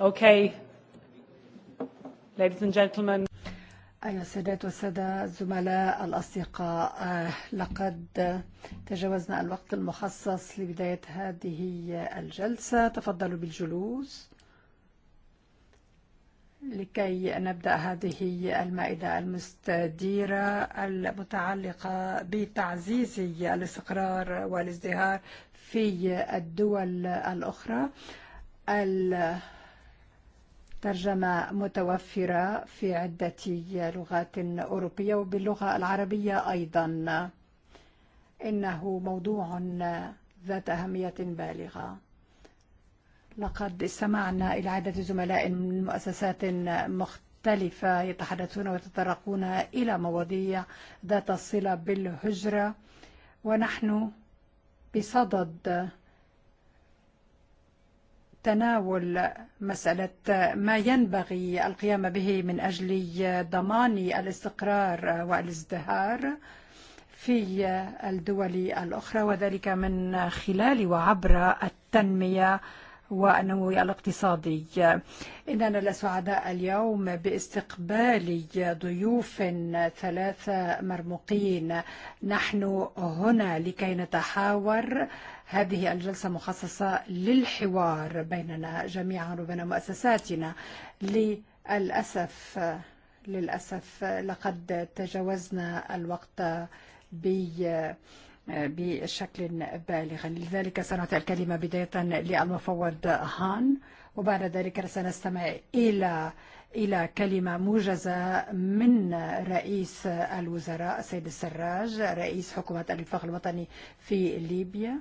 Okay. Ladies and gentlemen. أيها السادة والسادة الزملاء الأصدقاء لقد تجاوزنا الوقت المخصص لبداية هذه الجلسة تفضلوا بالجلوس لكي نبدأ هذه المائدة المستديرة المتعلقة بتعزيز الاستقرار والازدهار في الدول الأخرى ترجمة متوفرة في عدة لغات أوروبية وباللغة العربية أيضا إنه موضوع ذات أهمية بالغة لقد استمعنا إلى عدة زملاء من مؤسسات مختلفة يتحدثون ويتطرقون إلى مواضيع ذات الصلة بالهجرة ونحن بصدد تناول مسألة ما ينبغي القيام به من أجل ضمان الاستقرار والازدهار في الدول الأخرى وذلك من خلال وعبر التنمية والنمو الاقتصادي إننا لسعداء اليوم باستقبال ضيوف ثلاثة مرموقين نحن هنا لكي نتحاور هذه الجلسة مخصصة للحوار بيننا جميعا وبين مؤسساتنا للأسف للأسف لقد تجاوزنا الوقت بشكل بالغ لذلك سنعطي الكلمة بداية للمفوض هان وبعد ذلك سنستمع إلى إلى كلمة موجزة من رئيس الوزراء سيد السراج رئيس حكومة الاتفاق الوطني في ليبيا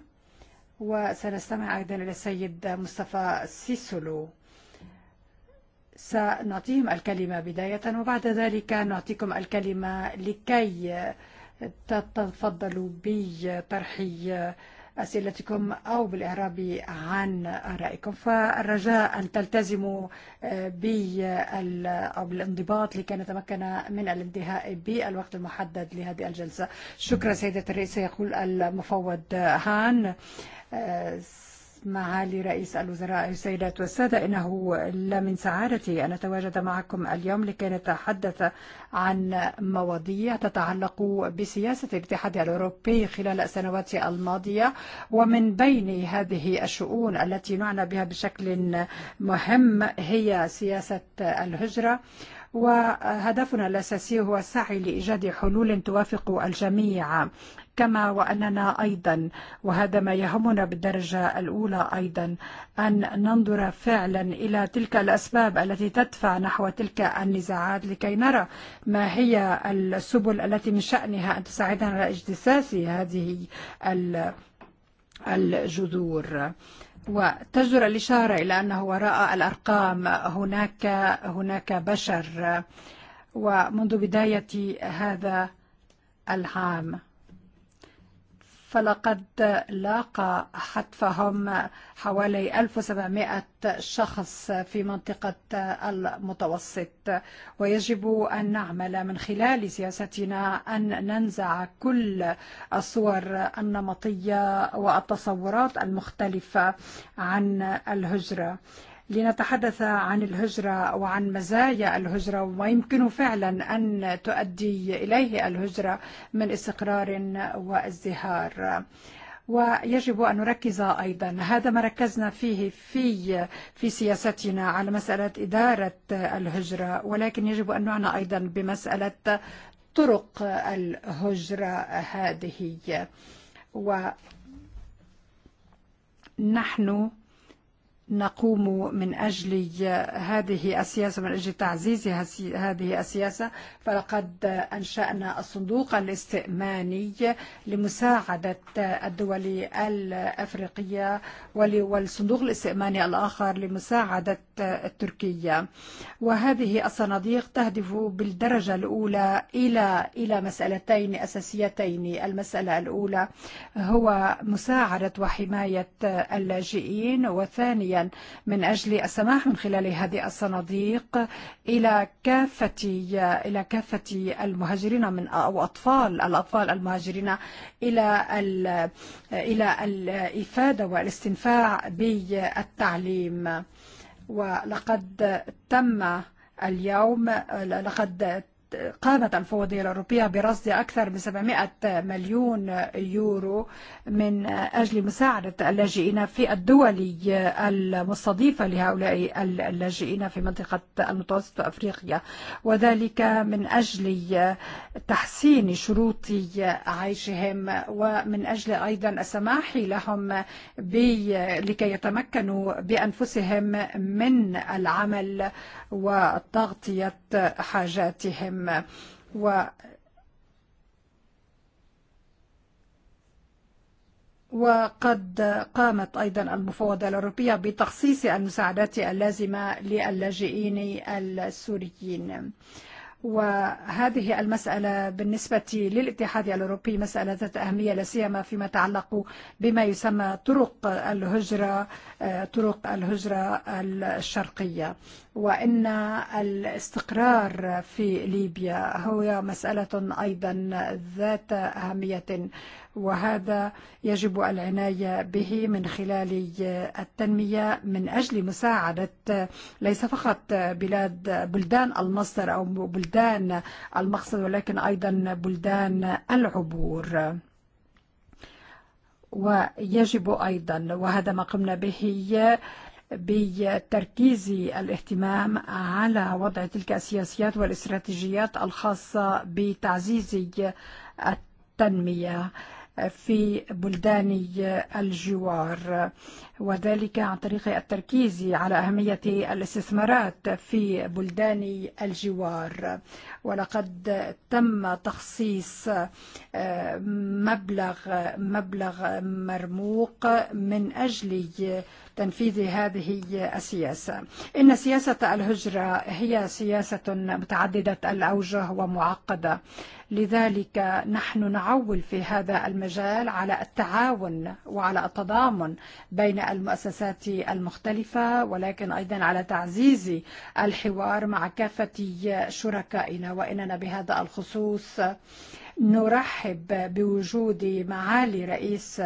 وسنستمع أيضا إلى السيد مصطفى سيسولو سنعطيهم الكلمة بداية وبعد ذلك نعطيكم الكلمة لكي تتفضلوا بطرح أسئلتكم أو بالإعراب عن رأيكم فالرجاء أن تلتزموا بال أو بالانضباط لكي نتمكن من الانتهاء بالوقت المحدد لهذه الجلسة شكرا سيدة الرئيسة يقول المفوض هان معالي رئيس الوزراء السيدات والسادة إنه لمن سعادتي أن أتواجد معكم اليوم لكي نتحدث عن مواضيع تتعلق بسياسة الاتحاد الأوروبي خلال السنوات الماضية ومن بين هذه الشؤون التي نعنى بها بشكل مهم هي سياسة الهجرة وهدفنا الأساسي هو السعي لإيجاد حلول توافق الجميع كما وأننا أيضا وهذا ما يهمنا بالدرجة الأولى أيضا أن ننظر فعلا إلى تلك الأسباب التي تدفع نحو تلك النزاعات لكي نرى ما هي السبل التي من شأنها أن تساعدنا على اجتساس هذه الجذور وتجدر الإشارة إلى أنه وراء الأرقام هناك هناك بشر ومنذ بداية هذا العام فلقد لاقى حتفهم حوالي 1700 شخص في منطقة المتوسط ويجب أن نعمل من خلال سياستنا أن ننزع كل الصور النمطية والتصورات المختلفة عن الهجرة لنتحدث عن الهجرة وعن مزايا الهجرة ويمكن فعلا أن تؤدي إليه الهجرة من استقرار وازدهار ويجب أن نركز أيضا هذا ما ركزنا فيه في في سياستنا على مسألة إدارة الهجرة ولكن يجب أن نعنى أيضا بمسألة طرق الهجرة هذه ونحن نحن نقوم من أجل هذه السياسة من أجل تعزيز هذه السياسة فلقد أنشأنا الصندوق الاستئماني لمساعدة الدول الأفريقية والصندوق الاستئماني الآخر لمساعدة تركيا وهذه الصناديق تهدف بالدرجة الأولى إلى إلى مسألتين أساسيتين المسألة الأولى هو مساعدة وحماية اللاجئين وثانيا عملا من أجل السماح من خلال هذه الصناديق إلى كافة إلى كافة المهاجرين من أو أطفال الأطفال المهاجرين إلى إلى الإفادة والاستنفاع بالتعليم ولقد تم اليوم لقد قامت الفوضية الأوروبية برصد أكثر من 700 مليون يورو من أجل مساعدة اللاجئين في الدول المستضيفة لهؤلاء اللاجئين في منطقة المتوسط أفريقيا وذلك من أجل تحسين شروط عيشهم ومن أجل أيضا السماح لهم لكي يتمكنوا بأنفسهم من العمل وتغطية حاجاتهم و وقد قامت أيضا المفوضة الأوروبية بتخصيص المساعدات اللازمة للاجئين السوريين وهذه المسألة بالنسبة للاتحاد الأوروبي مسألة ذات أهمية لا فيما يتعلق بما يسمى طرق الهجرة طرق الهجرة الشرقية وإن الاستقرار في ليبيا هو مسألة أيضا ذات أهمية وهذا يجب العناية به من خلال التنمية من أجل مساعدة ليس فقط بلاد بلدان المصدر أو بلدان المقصد ولكن أيضا بلدان العبور ويجب أيضا وهذا ما قمنا به بتركيز الاهتمام على وضع تلك السياسيات والاستراتيجيات الخاصة بتعزيز التنمية في بلدان الجوار وذلك عن طريق التركيز على أهمية الاستثمارات في بلدان الجوار ولقد تم تخصيص مبلغ مبلغ مرموق من أجل تنفيذ هذه السياسة إن سياسة الهجرة هي سياسة متعددة الأوجه ومعقدة لذلك نحن نعول في هذا المجال على التعاون وعلى التضامن بين المؤسسات المختلفة ولكن أيضا على تعزيز الحوار مع كافة شركائنا وإننا بهذا الخصوص نرحب بوجود معالي رئيس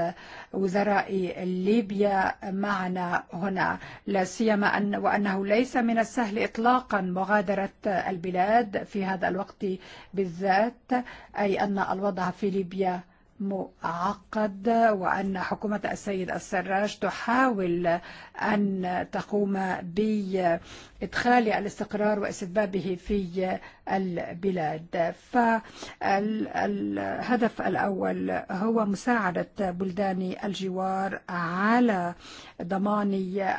وزراء ليبيا معنا هنا لا سيما أن وأنه ليس من السهل إطلاقا مغادرة البلاد في هذا الوقت بالذات أي أن الوضع في ليبيا معقد وأن حكومة السيد السراج تحاول أن تقوم بإدخال الاستقرار وإسبابه في البلاد فالهدف الأول هو مساعدة بلدان الجوار على ضمان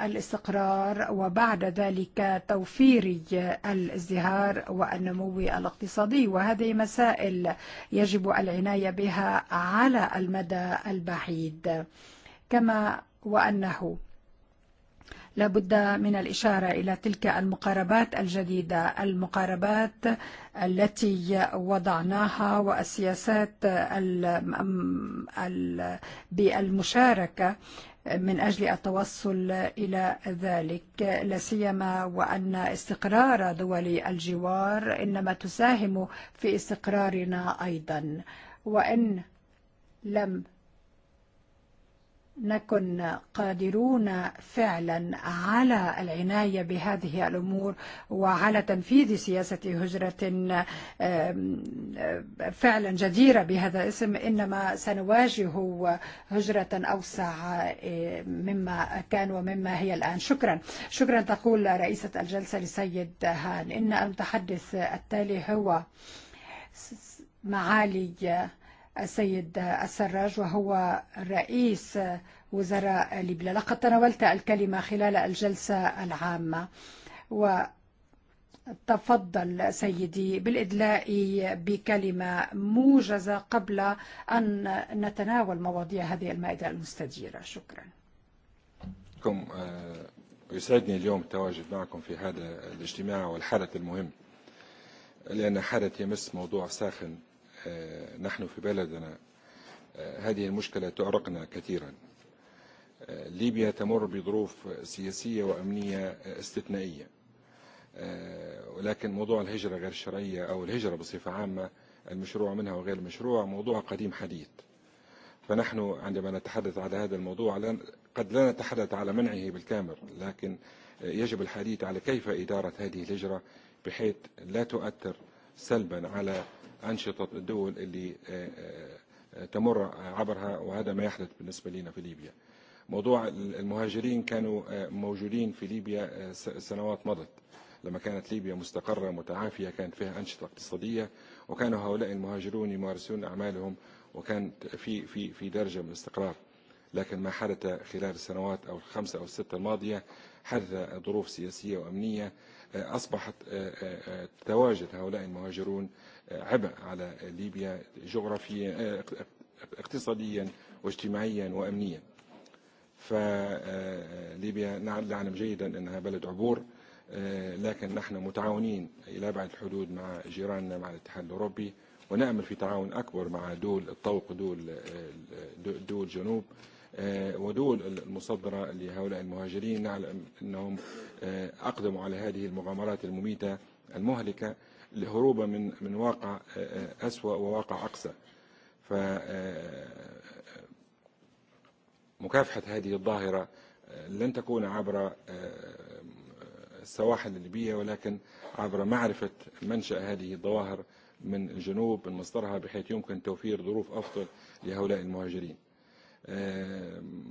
الاستقرار وبعد ذلك توفير الازدهار والنمو الاقتصادي وهذه مسائل يجب العناية بها على المدى البعيد كما وأنه لابد من الإشارة إلى تلك المقاربات الجديدة المقاربات التي وضعناها والسياسات بالمشاركة من أجل التوصل إلى ذلك لا سيما وأن استقرار دول الجوار إنما تساهم في استقرارنا أيضا وإن لم نكن قادرون فعلا على العناية بهذه الأمور وعلى تنفيذ سياسة هجرة فعلا جديرة بهذا الاسم إنما سنواجه هجرة أوسع مما كان ومما هي الآن شكرا شكرا تقول رئيسة الجلسة لسيد هان إن المتحدث التالي هو معالي السيد السراج وهو رئيس وزراء ليبيا لقد تناولت الكلمة خلال الجلسة العامة وتفضل سيدي بالإدلاء بكلمة موجزة قبل أن نتناول مواضيع هذه المائدة المستديرة شكرا يسعدني اليوم التواجد معكم في هذا الاجتماع والحدث المهم لأن حدث يمس موضوع ساخن نحن في بلدنا هذه المشكلة تعرقنا كثيرا ليبيا تمر بظروف سياسية وأمنية استثنائية ولكن موضوع الهجرة غير الشرعية أو الهجرة بصفة عامة المشروع منها وغير المشروع موضوع قديم حديث فنحن عندما نتحدث على هذا الموضوع قد لا نتحدث على منعه بالكامل لكن يجب الحديث على كيف إدارة هذه الهجرة بحيث لا تؤثر سلبا على أنشطة الدول اللي تمر عبرها وهذا ما يحدث بالنسبة لنا في ليبيا موضوع المهاجرين كانوا موجودين في ليبيا سنوات مضت لما كانت ليبيا مستقرة متعافية كانت فيها أنشطة اقتصادية وكان هؤلاء المهاجرون يمارسون أعمالهم وكانت في في في درجة من الاستقرار لكن ما حدث خلال السنوات أو الخمسة أو الستة الماضية حدث ظروف سياسية وأمنية أصبحت تواجد هؤلاء المهاجرون عبء على ليبيا جغرافيا اقتصاديا واجتماعيا وامنيا فليبيا نعلم جيدا انها بلد عبور لكن نحن متعاونين الى بعد الحدود مع جيراننا مع الاتحاد الاوروبي ونعمل في تعاون اكبر مع دول الطوق دول دول جنوب ودول المصدرة لهؤلاء المهاجرين نعلم أنهم أقدموا على هذه المغامرات المميتة المهلكة لهروبه من من واقع أسوأ وواقع أقسى ف مكافحة هذه الظاهرة لن تكون عبر السواحل الليبية ولكن عبر معرفة منشأ هذه الظواهر من الجنوب من مصدرها بحيث يمكن توفير ظروف أفضل لهؤلاء المهاجرين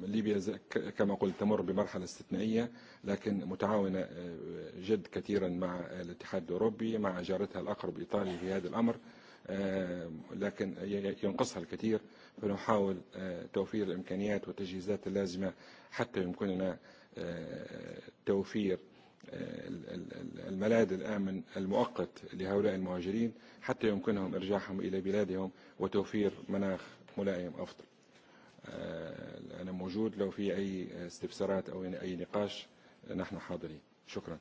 ليبيا كما قلت تمر بمرحلة استثنائية لكن متعاونة جد كثيرا مع الاتحاد الأوروبي مع جارتها الأقرب إيطاليا في هذا الأمر لكن ينقصها الكثير فنحاول توفير الإمكانيات والتجهيزات اللازمة حتى يمكننا توفير الملاذ الآمن المؤقت لهؤلاء المهاجرين حتى يمكنهم إرجاعهم إلى بلادهم وتوفير مناخ ملائم أفضل أنا موجود لو في أي استفسارات أو أي نقاش نحن حاضرين شكرا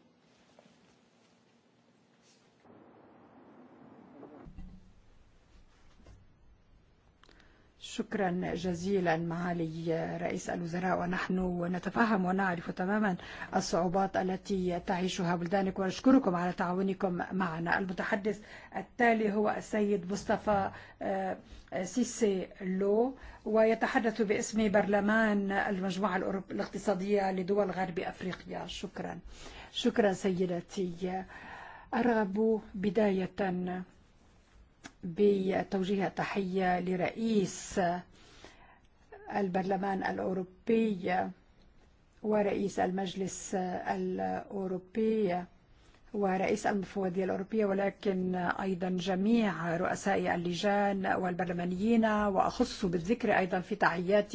شكرا جزيلا معالي رئيس الوزراء ونحن نتفهم ونعرف تماما الصعوبات التي تعيشها بلدانك ونشكركم على تعاونكم معنا المتحدث التالي هو السيد مصطفى سيسي لو ويتحدث باسم برلمان المجموعة الاقتصادية لدول غرب أفريقيا شكرا شكرا سيدتي أرغب بداية بتوجيه تحية لرئيس البرلمان الأوروبي ورئيس المجلس الأوروبي ورئيس المفوضية الأوروبية ولكن أيضا جميع رؤساء اللجان والبرلمانيين وأخص بالذكر أيضا في تحيات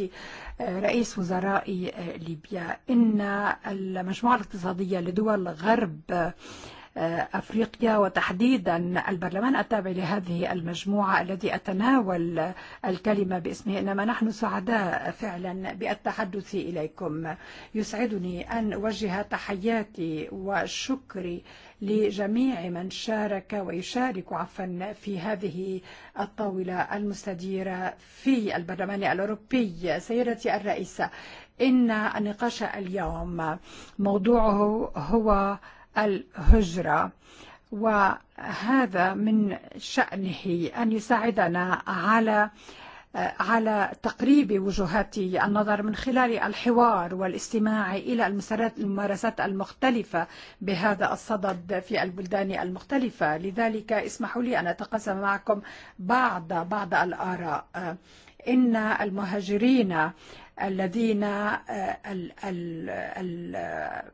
رئيس وزراء ليبيا إن المجموعة الاقتصادية لدول غرب أفريقيا وتحديدا البرلمان التابع لهذه المجموعة الذي أتناول الكلمة باسمه إنما نحن سعداء فعلا بالتحدث إليكم يسعدني أن أوجه تحياتي وشكري لجميع من شارك ويشارك عفوا في هذه الطاولة المستديرة في البرلمان الأوروبي سيدتي الرئيسة إن النقاش اليوم موضوعه هو الهجرة وهذا من شأنه أن يساعدنا على على تقريب وجهات النظر من خلال الحوار والاستماع إلى الممارسات المختلفة بهذا الصدد في البلدان المختلفة لذلك اسمحوا لي أن أتقاسم معكم بعض بعض الآراء إن المهاجرين الذين ال ال ال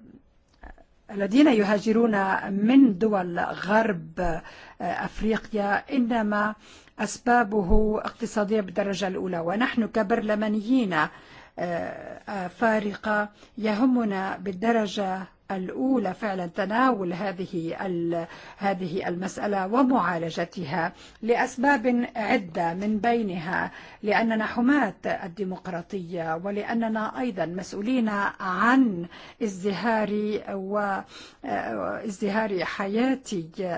الذين يهاجرون من دول غرب أفريقيا إنما أسبابه اقتصادية بالدرجة الأولى ونحن كبرلمانيين فارقة يهمنا بالدرجة الأولى فعلا تناول هذه هذه المسألة ومعالجتها لأسباب عدة من بينها لأننا حماة الديمقراطية ولأننا أيضا مسؤولين عن ازدهار وازدهار حياة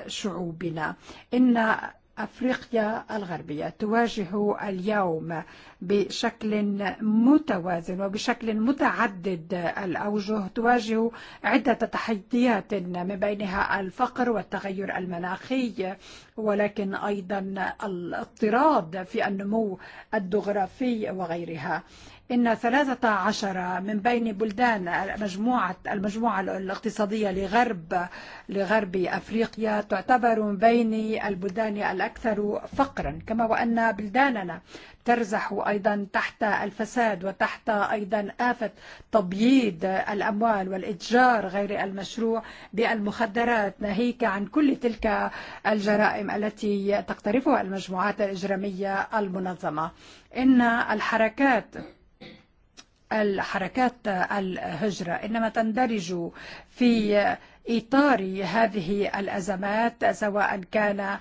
شعوبنا إن أفريقيا الغربية تواجه اليوم بشكل متوازن وبشكل متعدد الأوجه تواجه عدة تحديات من بينها الفقر والتغير المناخي ولكن أيضا الاضطراد في النمو الدغرافي وغيرها إن 13 من بين بلدان المجموعة المجموعة الاقتصادية لغرب لغرب أفريقيا تعتبر من بين البلدان الأكثر فقرا كما وأن بلداننا ترزح أيضا تحت الفساد وتحت أيضا آفة تبييض الأموال والإتجار غير المشروع بالمخدرات ناهيك عن كل تلك الجرائم التي تقترفها المجموعات الإجرامية المنظمة إن الحركات الحركات الهجرة إنما تندرج في إطار هذه الأزمات سواء كان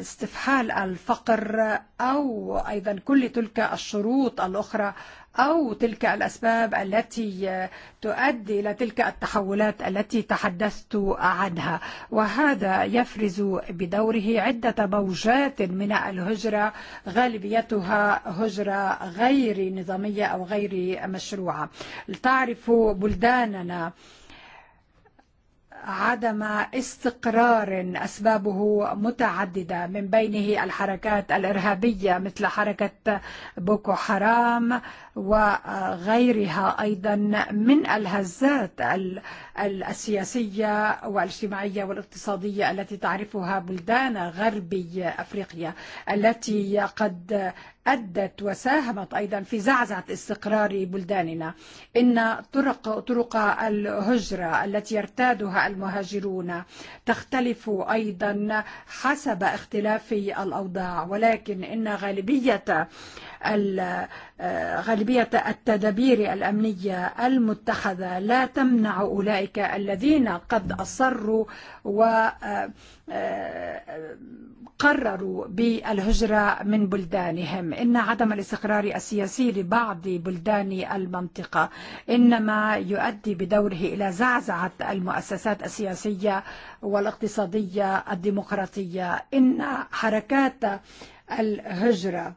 استفحال الفقر أو أيضا كل تلك الشروط الأخرى أو تلك الأسباب التي تؤدي إلى تلك التحولات التي تحدثت عنها وهذا يفرز بدوره عدة موجات من الهجرة غالبيتها هجرة غير نظامية أو غير مشروعة تعرف بلداننا عدم استقرار أسبابه متعددة من بينه الحركات الإرهابية مثل حركة بوكو حرام وغيرها أيضا من الهزات السياسية والاجتماعية والاقتصادية التي تعرفها بلدان غربي أفريقيا التي قد أدت وساهمت أيضا في زعزعة استقرار بلداننا إن طرق, طرق الهجرة التي يرتادها المهاجرون تختلف أيضا حسب اختلاف الأوضاع ولكن إن غالبية غالبية التدابير الأمنية المتخذة لا تمنع أولئك الذين قد أصروا وقرروا بالهجرة من بلدانهم إن عدم الاستقرار السياسي لبعض بلدان المنطقة إنما يؤدي بدوره إلى زعزعة المؤسسات السياسية والاقتصادية الديمقراطية إن حركات الهجرة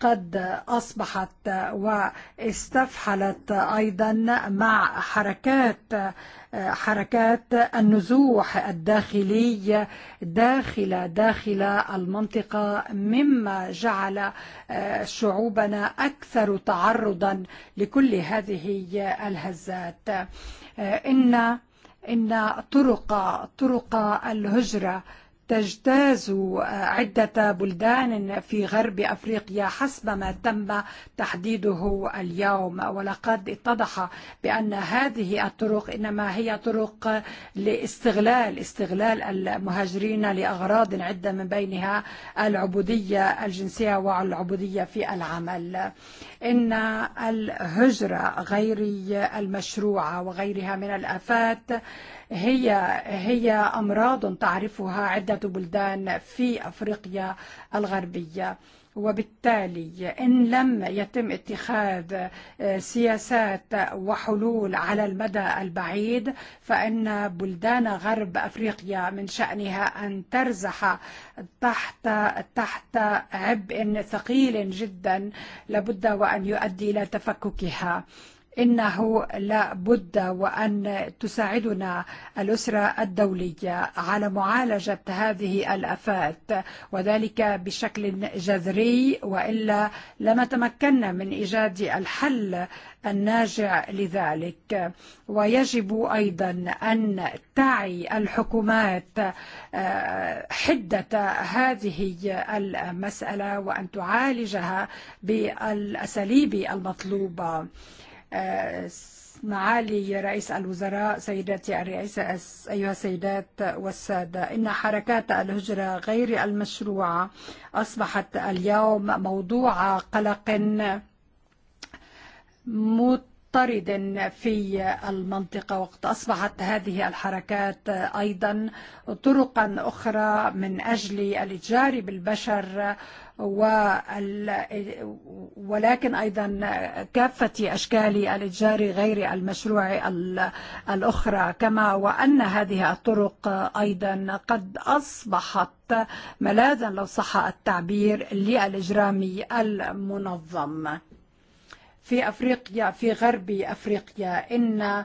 قد أصبحت واستفحلت أيضا مع حركات حركات النزوح الداخلي داخل داخل المنطقة مما جعل شعوبنا أكثر تعرضا لكل هذه الهزات إن إن طرق طرق الهجرة تجتاز عدة بلدان في غرب أفريقيا حسب ما تم تحديده اليوم ولقد اتضح بأن هذه الطرق إنما هي طرق لاستغلال استغلال المهاجرين لأغراض عدة من بينها العبودية الجنسية والعبودية في العمل إن الهجرة غير المشروعة وغيرها من الآفات هي هي أمراض تعرفها عدة بلدان في أفريقيا الغربية وبالتالي إن لم يتم اتخاذ سياسات وحلول على المدى البعيد فإن بلدان غرب أفريقيا من شأنها أن ترزح تحت تحت عبء ثقيل جدا لابد وأن يؤدي إلى تفككها إنه لا بد وأن تساعدنا الأسرة الدولية على معالجة هذه الأفات وذلك بشكل جذري وإلا لما تمكنا من إيجاد الحل الناجع لذلك ويجب أيضا أن تعي الحكومات حدة هذه المسألة وأن تعالجها بالأساليب المطلوبة معالي رئيس الوزراء سيداتي الرئيسة أيها السيدات والسادة إن حركات الهجرة غير المشروعة أصبحت اليوم موضوع قلق مضطرد في المنطقة وقد أصبحت هذه الحركات أيضا طرقا أخرى من أجل الإتجار بالبشر ولكن أيضا كافة أشكال الإتجار غير المشروع الأخرى كما وأن هذه الطرق أيضا قد أصبحت ملاذا لو صح التعبير للإجرام المنظم في أفريقيا في غرب أفريقيا إن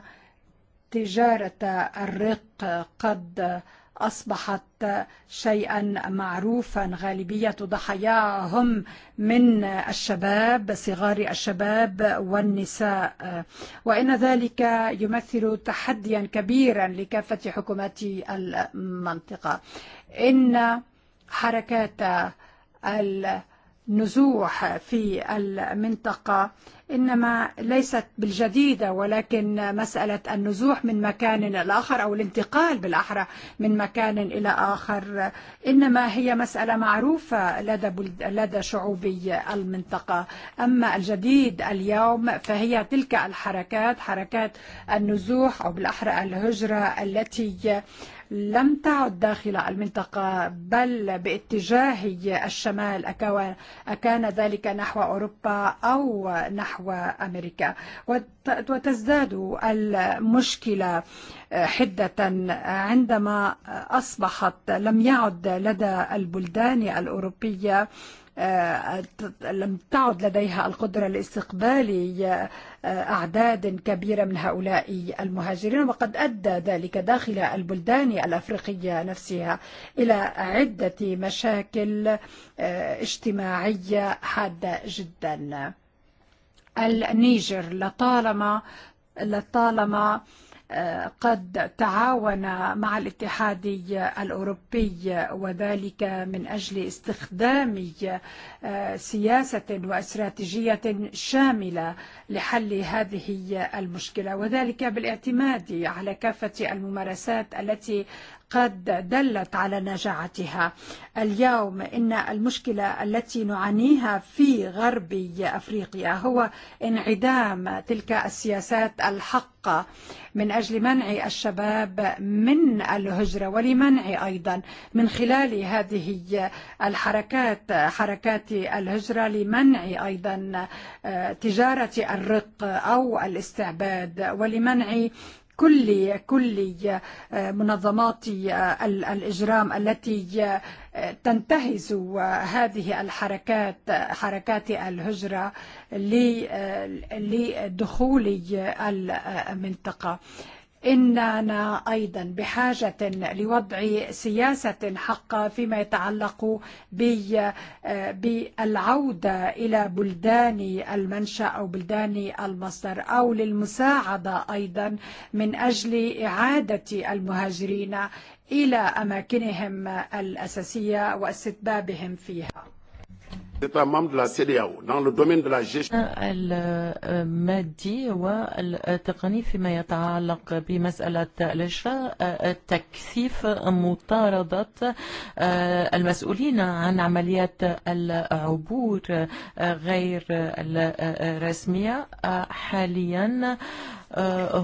تجارة الرق قد أصبحت شيئا معروفا غالبية ضحاياهم من الشباب صغار الشباب والنساء وإن ذلك يمثل تحديا كبيرا لكافة حكومات المنطقة إن حركات المنطقة نزوح في المنطقة إنما ليست بالجديدة ولكن مسألة النزوح من مكان إلى آخر أو الانتقال بالأحرى من مكان إلى آخر إنما هي مسألة معروفة لدى, لدى شعوبي المنطقة أما الجديد اليوم فهي تلك الحركات حركات النزوح أو بالأحرى الهجرة التي لم تعد داخل المنطقة بل باتجاه الشمال أكان ذلك نحو أوروبا أو نحو أمريكا وتزداد المشكلة حدة عندما أصبحت لم يعد لدى البلدان الأوروبية لم تعد لديها القدرة الاستقبال أعداد كبيرة من هؤلاء المهاجرين وقد أدى ذلك داخل البلدان الأفريقية نفسها إلى عدة مشاكل اجتماعية حادة جدا النيجر لطالما لطالما آه قد تعاون مع الاتحاد الأوروبي وذلك من أجل استخدام سياسة واستراتيجية شاملة لحل هذه المشكلة وذلك بالاعتماد على كافة الممارسات التي قد دلت على نجاعتها اليوم إن المشكلة التي نعانيها في غرب أفريقيا هو انعدام تلك السياسات الحقة من أجل منع الشباب من الهجرة ولمنع أيضا من خلال هذه الحركات حركات الهجرة لمنع أيضا تجارة الرق أو الاستعباد ولمنع كل كل منظمات الاجرام التي تنتهز هذه الحركات حركات الهجره لدخول المنطقه إننا أيضا بحاجة لوضع سياسة حقة فيما يتعلق بالعودة إلى بلدان المنشأ أو بلدان المصدر أو للمساعدة أيضا من أجل إعادة المهاجرين إلى أماكنهم الأساسية واستتبابهم فيها États membres de la CDAO dans le domaine de la gestion. المادي والتقني فيما يتعلق بمسألة الإجراء التكثيف مطاردة المسؤولين عن عمليات العبور غير الرسمية حاليا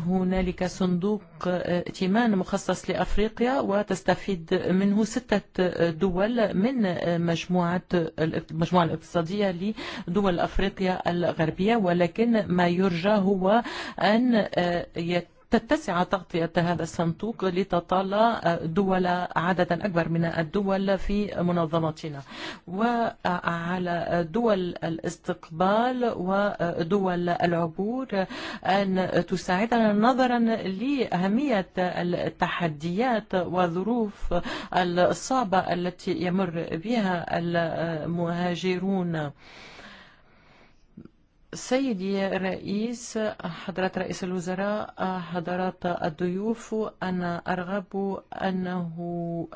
هنالك صندوق ائتمان مخصص لأفريقيا وتستفيد منه ستة دول من مجموعة المجموعة الاقتصادية لدول أفريقيا الغربية ولكن ما يرجى هو أن يتم تتسع تغطية هذا الصندوق لتطال دول عددا أكبر من الدول في منظمتنا وعلى دول الاستقبال ودول العبور أن تساعدنا نظرا لأهمية التحديات وظروف الصعبة التي يمر بها المهاجرون سيدي الرئيس حضرة رئيس الوزراء حضرات الضيوف أنا أرغب أنه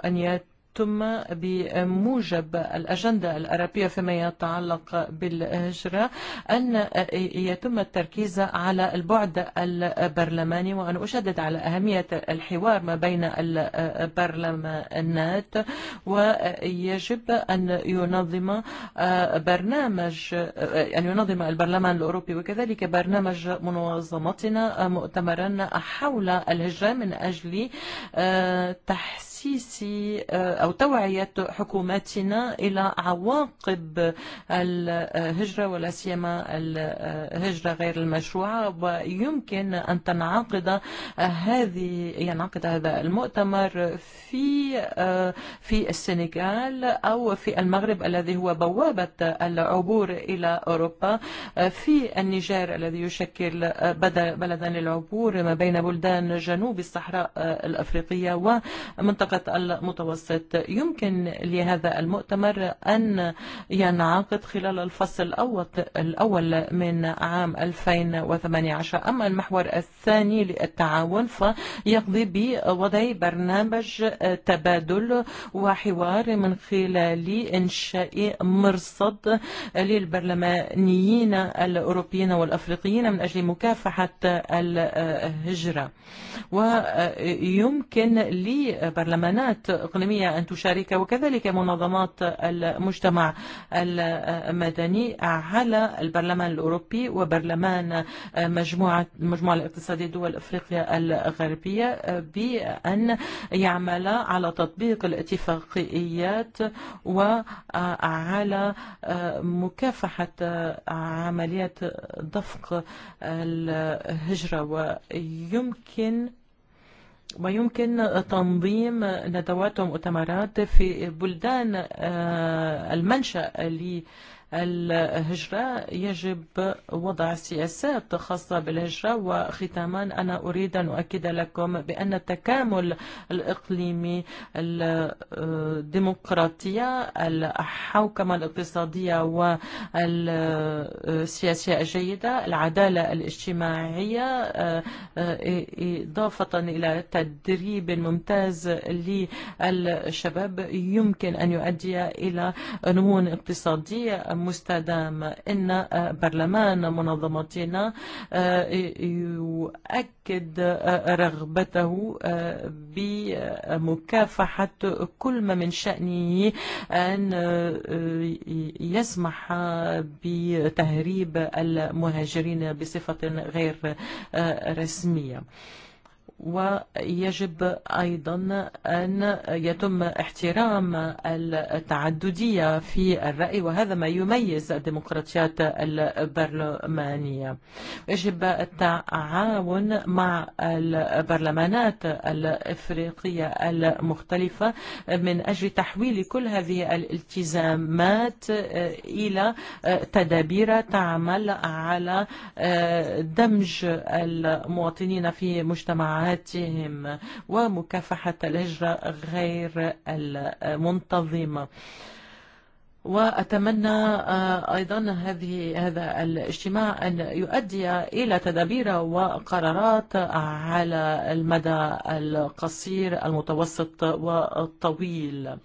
أن يت ثم بموجب الأجندة الأوروبية فيما يتعلق بالهجرة أن يتم التركيز على البعد البرلماني وأن أشدد على أهمية الحوار ما بين البرلمانات ويجب أن ينظم برنامج أن ينظم البرلمان الأوروبي وكذلك برنامج منظمتنا مؤتمرا حول الهجرة من أجل تحسين تأسيس أو توعية حكوماتنا إلى عواقب الهجرة ولا سيما الهجرة غير المشروعة ويمكن أن تنعقد هذه ينعقد هذا المؤتمر في في السنغال أو في المغرب الذي هو بوابة العبور إلى أوروبا في النيجر الذي يشكل بلدا للعبور ما بين بلدان جنوب الصحراء الأفريقية ومنطقة فقط المتوسط يمكن لهذا المؤتمر أن ينعقد خلال الفصل الأول, من عام 2018 أما المحور الثاني للتعاون فيقضي بوضع برنامج تبادل وحوار من خلال إنشاء مرصد للبرلمانيين الأوروبيين والأفريقيين من أجل مكافحة الهجرة ويمكن لبرلمان ائتمانات إقليمية أن تشارك وكذلك منظمات المجتمع المدني على البرلمان الأوروبي وبرلمان مجموعة المجموعة الاقتصادية دول أفريقيا الغربية بأن يعمل على تطبيق الاتفاقيات وعلى مكافحة عمليات دفق الهجرة ويمكن ويمكن تنظيم ندوات ومؤتمرات في بلدان المنشأ الهجرة يجب وضع سياسات خاصة بالهجرة وختاما أنا أريد أن أؤكد لكم بأن التكامل الإقليمي الديمقراطية الحوكمة الاقتصادية والسياسية الجيدة العدالة الاجتماعية إضافة إلى تدريب ممتاز للشباب يمكن أن يؤدي إلى نمو اقتصادي مستدام إن برلمان منظمتنا يؤكد رغبته بمكافحة كل ما من شأنه أن يسمح بتهريب المهاجرين بصفة غير رسمية. ويجب أيضا أن يتم احترام التعددية في الرأي وهذا ما يميز الديمقراطيات البرلمانية يجب التعاون مع البرلمانات الإفريقية المختلفة من أجل تحويل كل هذه الالتزامات إلى تدابير تعمل على دمج المواطنين في مجتمعات مجتمعاتهم ومكافحة الهجرة غير المنتظمة وأتمنى أيضا هذه هذا الاجتماع أن يؤدي إلى تدابير وقرارات على المدى القصير المتوسط والطويل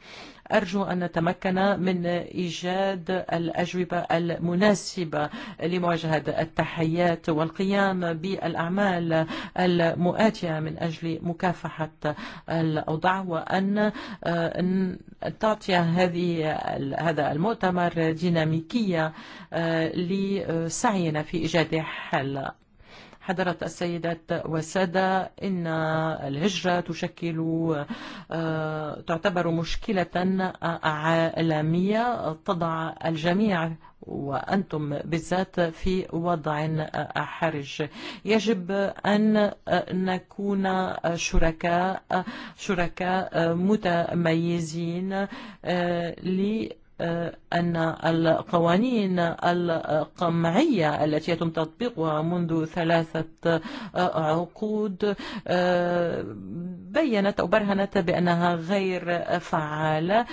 أرجو أن نتمكن من إيجاد الأجوبة المناسبة لمواجهة التحيات والقيام بالأعمال المؤاتية من أجل مكافحة الأوضاع وأن تعطي هذه هذا المؤتمر ديناميكية لسعينا في إيجاد حل حضرت السيدة وسادة إن الهجرة تشكل تعتبر مشكلة عالمية تضع الجميع وأنتم بالذات في وضع حرج يجب أن نكون شركاء شركاء متميزين لي أن القوانين القمعية التي يتم تطبيقها منذ ثلاثة عقود بيّنت أو برهنت بأنها غير فعالة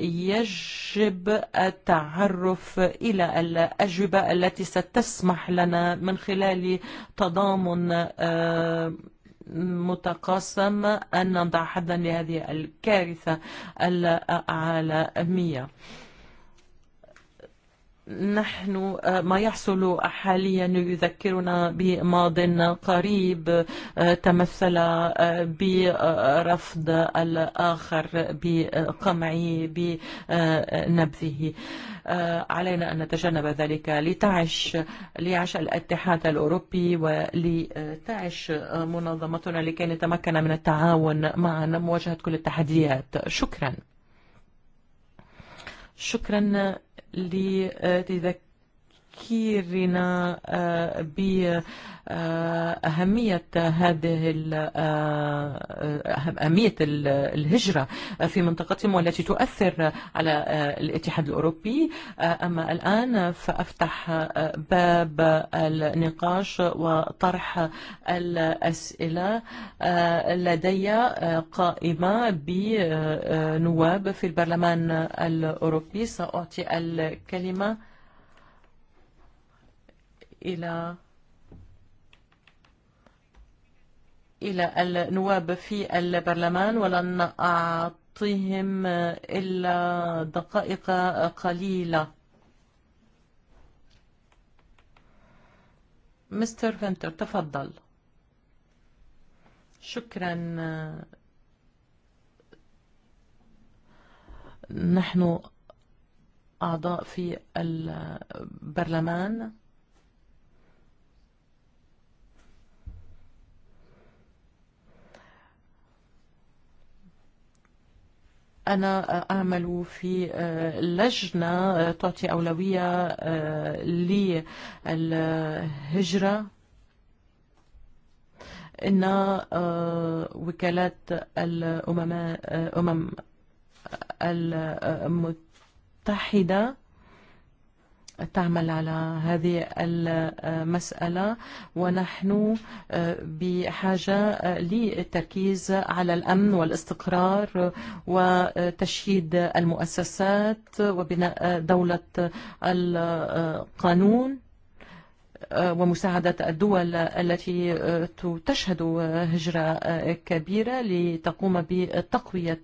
يجب التعرف إلى الأجوبة التي ستسمح لنا من خلال تضامن متقاسم أن نضع حدا لهذه الكارثة العالمية. نحن ما يحصل حاليا يذكرنا بماض قريب تمثل برفض الآخر بقمعه بنبذه علينا أن نتجنب ذلك لتعش ليعش الاتحاد الأوروبي ولتعش منظمتنا لكي نتمكن من التعاون مع مواجهة كل التحديات شكرا شكرا li eh, تفكيرنا بأهمية هذه أهمية الهجرة في منطقتهم والتي تؤثر على الاتحاد الأوروبي أما الآن فأفتح باب النقاش وطرح الأسئلة لدي قائمة بنواب في البرلمان الأوروبي سأعطي الكلمة إلى إلى النواب في البرلمان ولن أعطيهم إلا دقائق قليلة مستر فنتر تفضل شكرا نحن أعضاء في البرلمان أنا أعمل في لجنة تعطي أولوية للهجرة إن وكالات الأمم الأمم المتحدة تعمل على هذه المسألة ونحن بحاجة للتركيز على الأمن والاستقرار وتشييد المؤسسات وبناء دولة القانون ومساعدة الدول التي تشهد هجرة كبيرة لتقوم بتقوية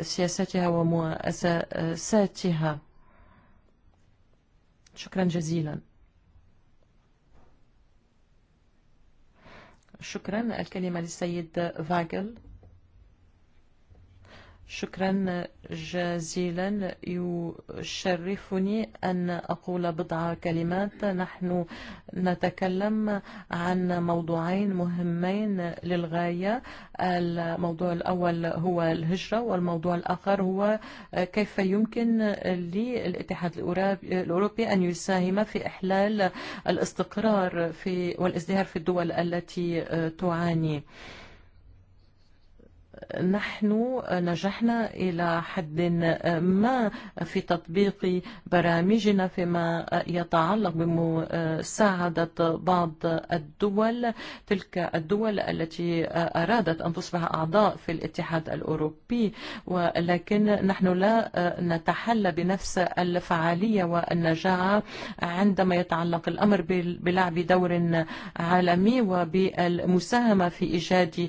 سياساتها ومؤسساتها Shukran ġezilan. Shukran għal-kelima li sejjid Vagel. شكراً جزيلاً يشرفني أن أقول بضع كلمات نحن نتكلم عن موضوعين مهمين للغاية الموضوع الأول هو الهجرة والموضوع الآخر هو كيف يمكن للاتحاد الأوروبي أن يساهم في إحلال الاستقرار في والازدهار في الدول التي تعاني. نحن نجحنا إلى حد ما في تطبيق برامجنا فيما يتعلق بمساعدة بعض الدول تلك الدول التي أرادت أن تصبح أعضاء في الاتحاد الأوروبي ولكن نحن لا نتحلى بنفس الفعالية والنجاعة عندما يتعلق الأمر بلعب دور عالمي وبالمساهمة في إيجاد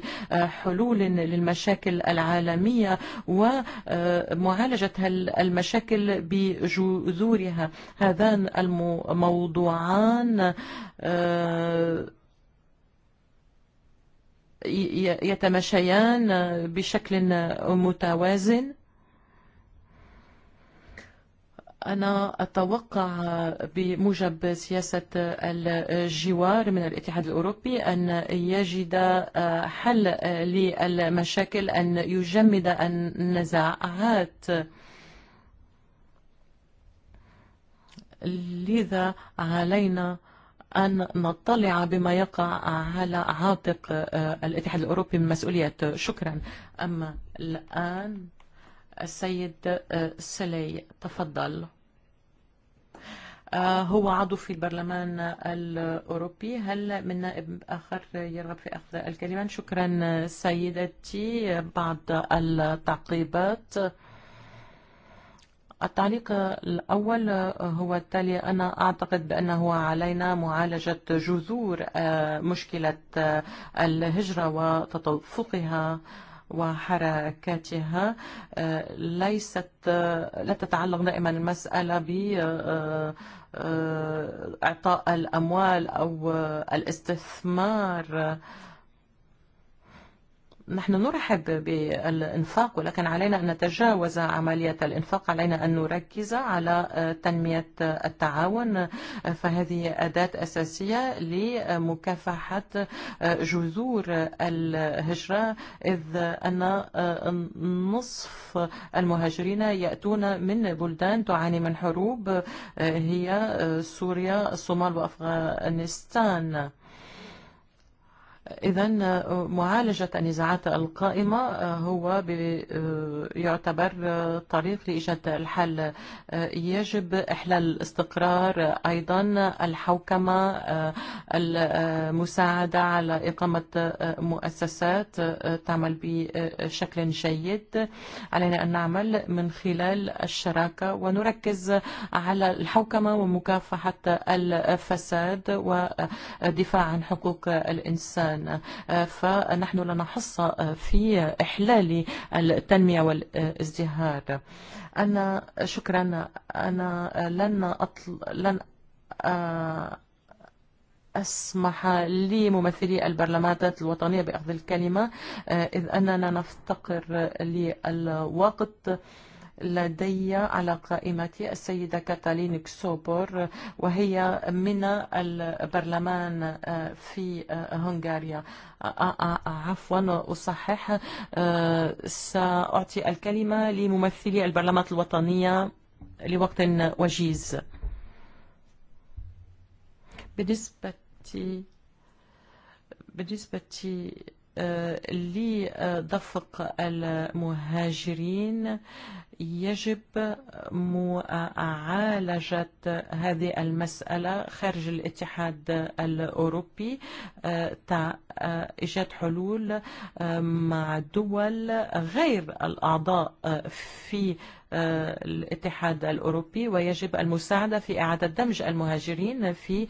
حلول للمشاكل المشاكل العالمية ومعالجة المشاكل بجذورها هذان الموضوعان يتمشيان بشكل متوازن أنا أتوقع بموجب سياسة الجوار من الاتحاد الأوروبي أن يجد حل للمشاكل أن يجمد النزاعات لذا علينا أن نطلع بما يقع على عاتق الاتحاد الأوروبي من مسؤولية شكرا أما الآن السيد سلي تفضل هو عضو في البرلمان الأوروبي هل من نائب آخر يرغب في أخذ الكلمة شكرا سيدتي بعد التعقيبات التعليق الأول هو التالي أنا أعتقد بأنه علينا معالجة جذور مشكلة الهجرة وتدفقها وحركاتها ليست لا تتعلق دائما المسألة ب إعطاء الأموال أو الاستثمار نحن نرحب بالإنفاق ولكن علينا أن نتجاوز عملية الإنفاق علينا أن نركز على تنمية التعاون فهذه أداة أساسية لمكافحة جذور الهجرة إذ أن نصف المهاجرين يأتون من بلدان تعاني من حروب هي سوريا الصومال وأفغانستان إذا معالجة النزاعات القائمة هو يعتبر طريق لإيجاد الحل يجب إحلال الاستقرار أيضا الحوكمة المساعدة على إقامة مؤسسات تعمل بشكل جيد علينا أن نعمل من خلال الشراكة ونركز على الحوكمة ومكافحة الفساد ودفاع عن حقوق الإنسان الإنسان فنحن لا نحص في إحلال التنمية والازدهار أنا شكرا أنا لن أطل... لن أسمح لممثلي البرلمانات الوطنية بأخذ الكلمة إذ أننا نفتقر للوقت لدي على قائمتي السيدة كاتالين كسوبور وهي من البرلمان في هنغاريا عفوا أصحح سأعطي الكلمة لممثلي البرلمان الوطنية لوقت وجيز بالنسبة بالنسبة لضفق المهاجرين يجب معالجة هذه المسألة خارج الاتحاد الأوروبي إيجاد حلول مع دول غير الأعضاء في الاتحاد الأوروبي ويجب المساعدة في إعادة دمج المهاجرين في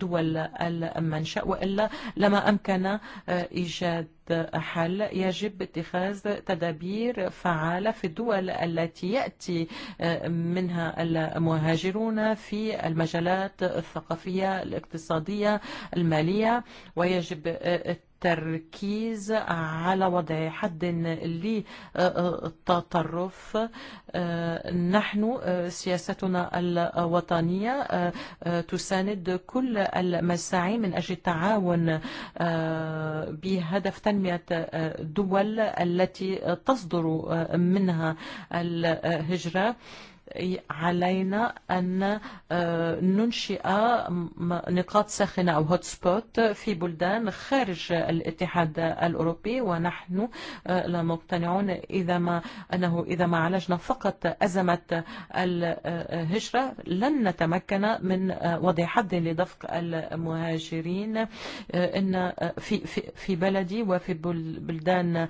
دول المنشأ وإلا لما أمكن إيجاد حل يجب اتخاذ تدابير فعالة في الدول التي يأتي منها المهاجرون في المجالات الثقافية الاقتصادية المالية ويجب التركيز على وضع حد للتطرف نحن سياستنا الوطنية تساند كل المساعي من أجل التعاون بهدف تنمية الدول التي تصدر منها الهجرة علينا أن ننشئ نقاط ساخنة أو هوت سبوت في بلدان خارج الاتحاد الأوروبي ونحن لا مقتنعون إذا ما أنه إذا ما عالجنا فقط أزمة الهجرة لن نتمكن من وضع حد لدفق المهاجرين إن في في في بلدي وفي بلدان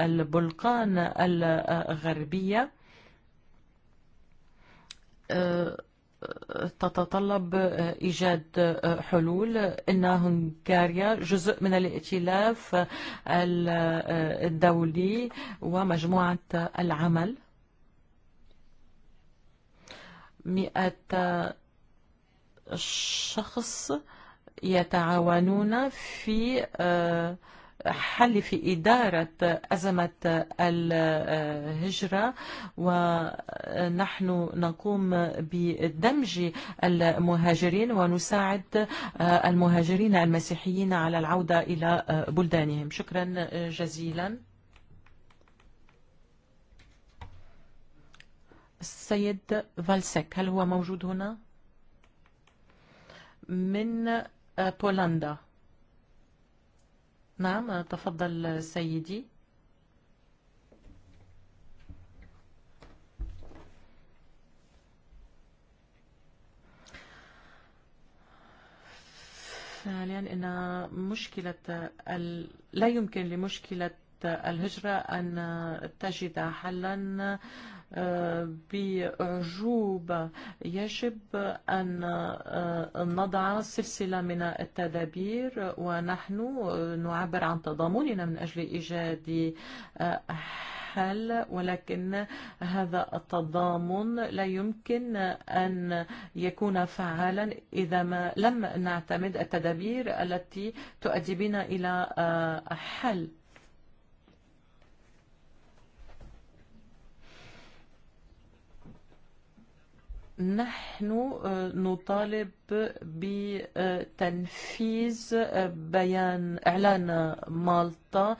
البلقان الغربية تتطلب إيجاد حلول إن هنغاريا جزء من الائتلاف الدولي ومجموعة العمل مئة شخص يتعاونون في آه حل في إدارة أزمة الهجرة ونحن نقوم بدمج المهاجرين ونساعد المهاجرين المسيحيين على العودة إلى بلدانهم شكرا جزيلا السيد فالسك هل هو موجود هنا من بولندا نعم تفضل سيدي فعليا ان مشكله لا يمكن لمشكلة الهجرة ان تجد حلا بعجوبة يجب أن نضع سلسلة من التدابير ونحن نعبر عن تضامننا من أجل إيجاد حل ولكن هذا التضامن لا يمكن أن يكون فعالا إذا ما لم نعتمد التدابير التي تؤدي بنا إلى حل نحن نطالب بتنفيذ بيان إعلان مالطا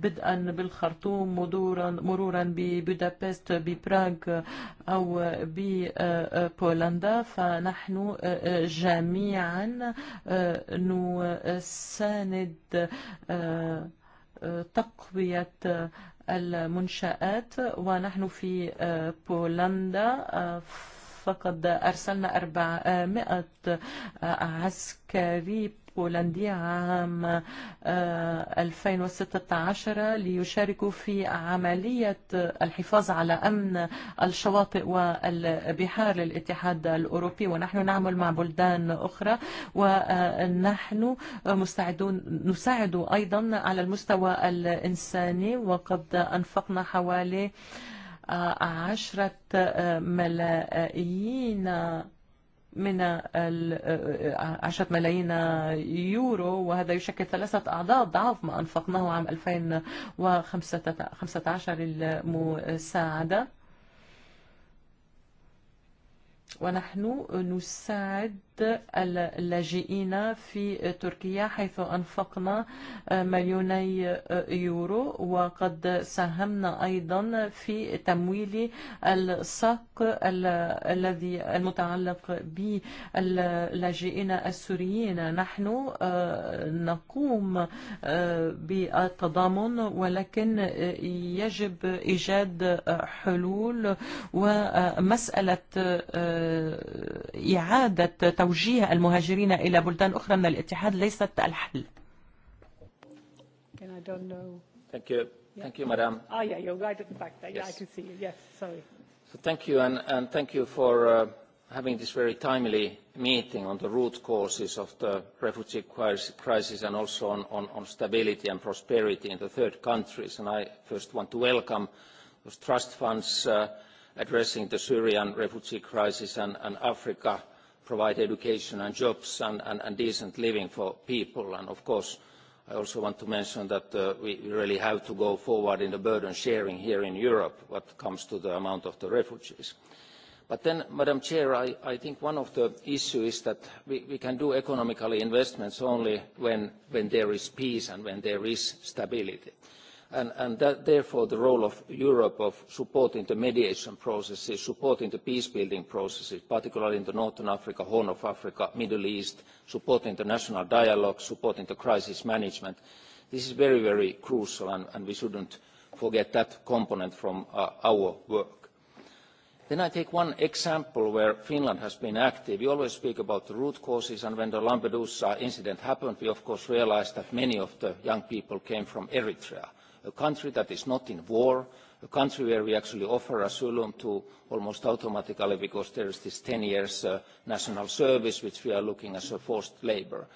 بدءا بالخرطوم مرورا مرورا ببودابست ببراغ أو ببولندا فنحن جميعا نساند تقوية المنشآت ونحن في بولندا فقد أرسلنا 400 عسكري بولندية عام 2016 ليشاركوا في عملية الحفاظ على أمن الشواطئ والبحار للاتحاد الأوروبي ونحن نعمل مع بلدان أخرى ونحن مستعدون نساعد أيضا على المستوى الإنساني وقد أنفقنا حوالي عشرة ملايين من عشرة ملايين يورو وهذا يشكل ثلاثة أعضاء ضعف ما أنفقناه عام 2015 للمساعدة ونحن نساعد اللاجئين في تركيا حيث أنفقنا مليوني يورو وقد ساهمنا أيضا في تمويل الساق الذي المتعلق باللاجئين السوريين نحن نقوم بالتضامن ولكن يجب إيجاد حلول ومسألة إعادة توجيه المهاجرين إلى بلدان أخرى من الاتحاد ليست الحل Thank you. and, and thank you for uh, having this very timely meeting on the root causes of the refugee crisis and also on, on, on stability and prosperity in the third countries. And I first want to welcome those trust funds uh, addressing the Syrian refugee crisis and, and Africa – provide education and jobs and, and, and decent living for people. And of course, I also want to mention that uh, we really have to go forward in the burden sharing here in Europe what comes to the amount of the refugees. But then, Madam Chair, I, I think one of the issues is that we, we can do economically investments only when, when there is peace and when there is stability and, and that, therefore the role of Europe of supporting the mediation processes, supporting the peace-building processes, particularly in the Northern Africa, Horn of Africa, Middle East, supporting the national dialogue, supporting the crisis management, this is very, very crucial and, and we shouldn't forget that component from uh, our work. Then I take one example where Finland has been active. We always speak about the root causes, and when the Lampedusa incident happened, we of course realized that many of the young people came from Eritrea a country that is not in war, a country where we actually offer asylum to almost automatically because there is this 10 years uh, national service which we are looking as a forced labor.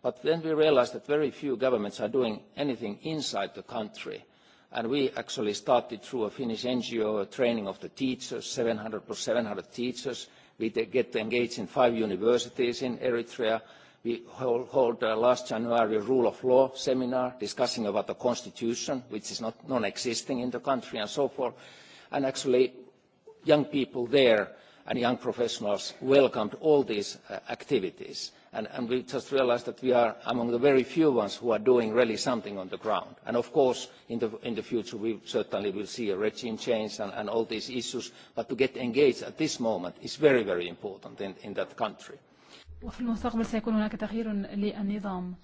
But then we realized that very few governments are doing anything inside the country. And we actually started through a Finnish NGO a training of the teachers, 700 plus 700 teachers. We get engaged in five universities in Eritrea we hold, hold uh, last January a rule of law seminar discussing about the constitution, which is not non-existing in the country and so forth. And actually, young people there and young professionals welcomed all these uh, activities. And, and we just realized that we are among the very few ones who are doing really something on the ground. And of course, in the, in the future, we certainly will see a regime change and, and all these issues. But to get engaged at this moment is very, very important in, in that country. وفي المستقبل سيكون هناك تغيير للنظام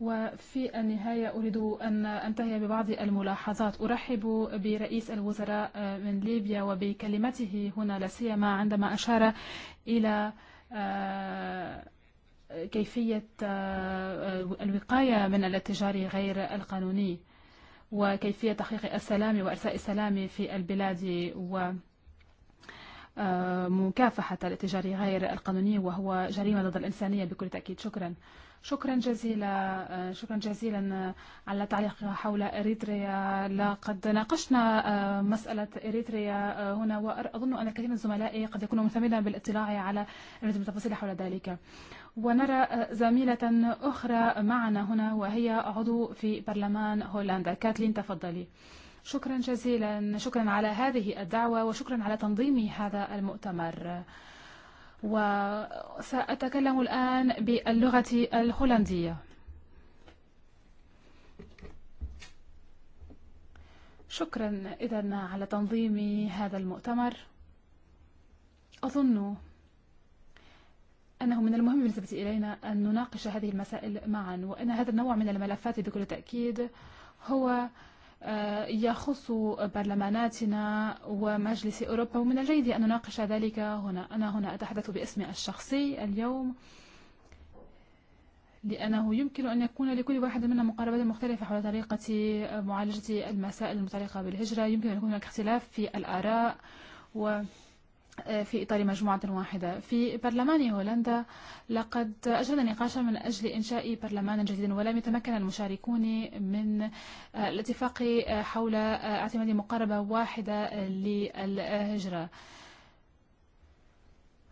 وفي النهاية أريد أن أنتهي ببعض الملاحظات أرحب برئيس الوزراء من ليبيا وبكلمته هنا لسيما عندما أشار إلى كيفية الوقاية من الاتجار غير القانوني وكيفية تحقيق السلام وإرساء السلام في البلاد وكيفية مكافحة الاتجار غير القانوني وهو جريمة ضد الإنسانية بكل تأكيد شكرا شكرا جزيلا شكرا جزيلا على تعليق حول إريتريا لقد ناقشنا مسألة إريتريا هنا وأظن أن الكثير من زملائي قد يكونوا مثمنا بالاطلاع على التفاصيل حول ذلك ونرى زميلة أخرى معنا هنا وهي عضو في برلمان هولندا كاتلين تفضلي شكرا جزيلا شكرا على هذه الدعوة وشكرا على تنظيم هذا المؤتمر وسأتكلم الآن باللغة الهولندية شكرا إذا على تنظيم هذا المؤتمر أظن أنه من المهم بالنسبة إلينا أن نناقش هذه المسائل معا وأن هذا النوع من الملفات بكل تأكيد هو يخص برلماناتنا ومجلس أوروبا ومن الجيد أن نناقش ذلك هنا أنا هنا أتحدث باسمي الشخصي اليوم لأنه يمكن أن يكون لكل واحد منا مقاربات مختلفة حول طريقة معالجة المسائل المتعلقة بالهجرة يمكن أن يكون هناك اختلاف في الآراء و في إطار مجموعة واحدة في برلمان هولندا لقد أجرى نقاشا من أجل إنشاء برلمان جديد ولم يتمكن المشاركون من الاتفاق حول اعتماد مقاربة واحدة للهجرة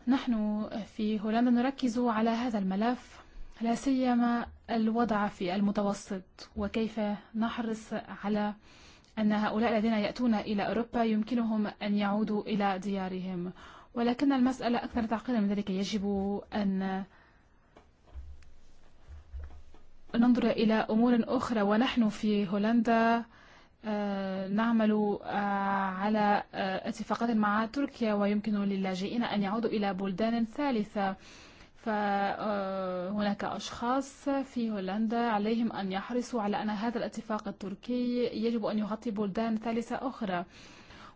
نحن في هولندا نركز على هذا الملف لا سيما الوضع في المتوسط وكيف نحرص على أن هؤلاء الذين يأتون إلى أوروبا يمكنهم أن يعودوا إلى ديارهم ولكن المسألة أكثر تعقيدا من ذلك يجب أن ننظر إلى أمور أخرى ونحن في هولندا نعمل على اتفاقات مع تركيا ويمكن للاجئين أن يعودوا إلى بلدان ثالثة فهناك أشخاص في هولندا عليهم أن يحرصوا على أن هذا الاتفاق التركي يجب أن يغطي بلدان ثالثة أخرى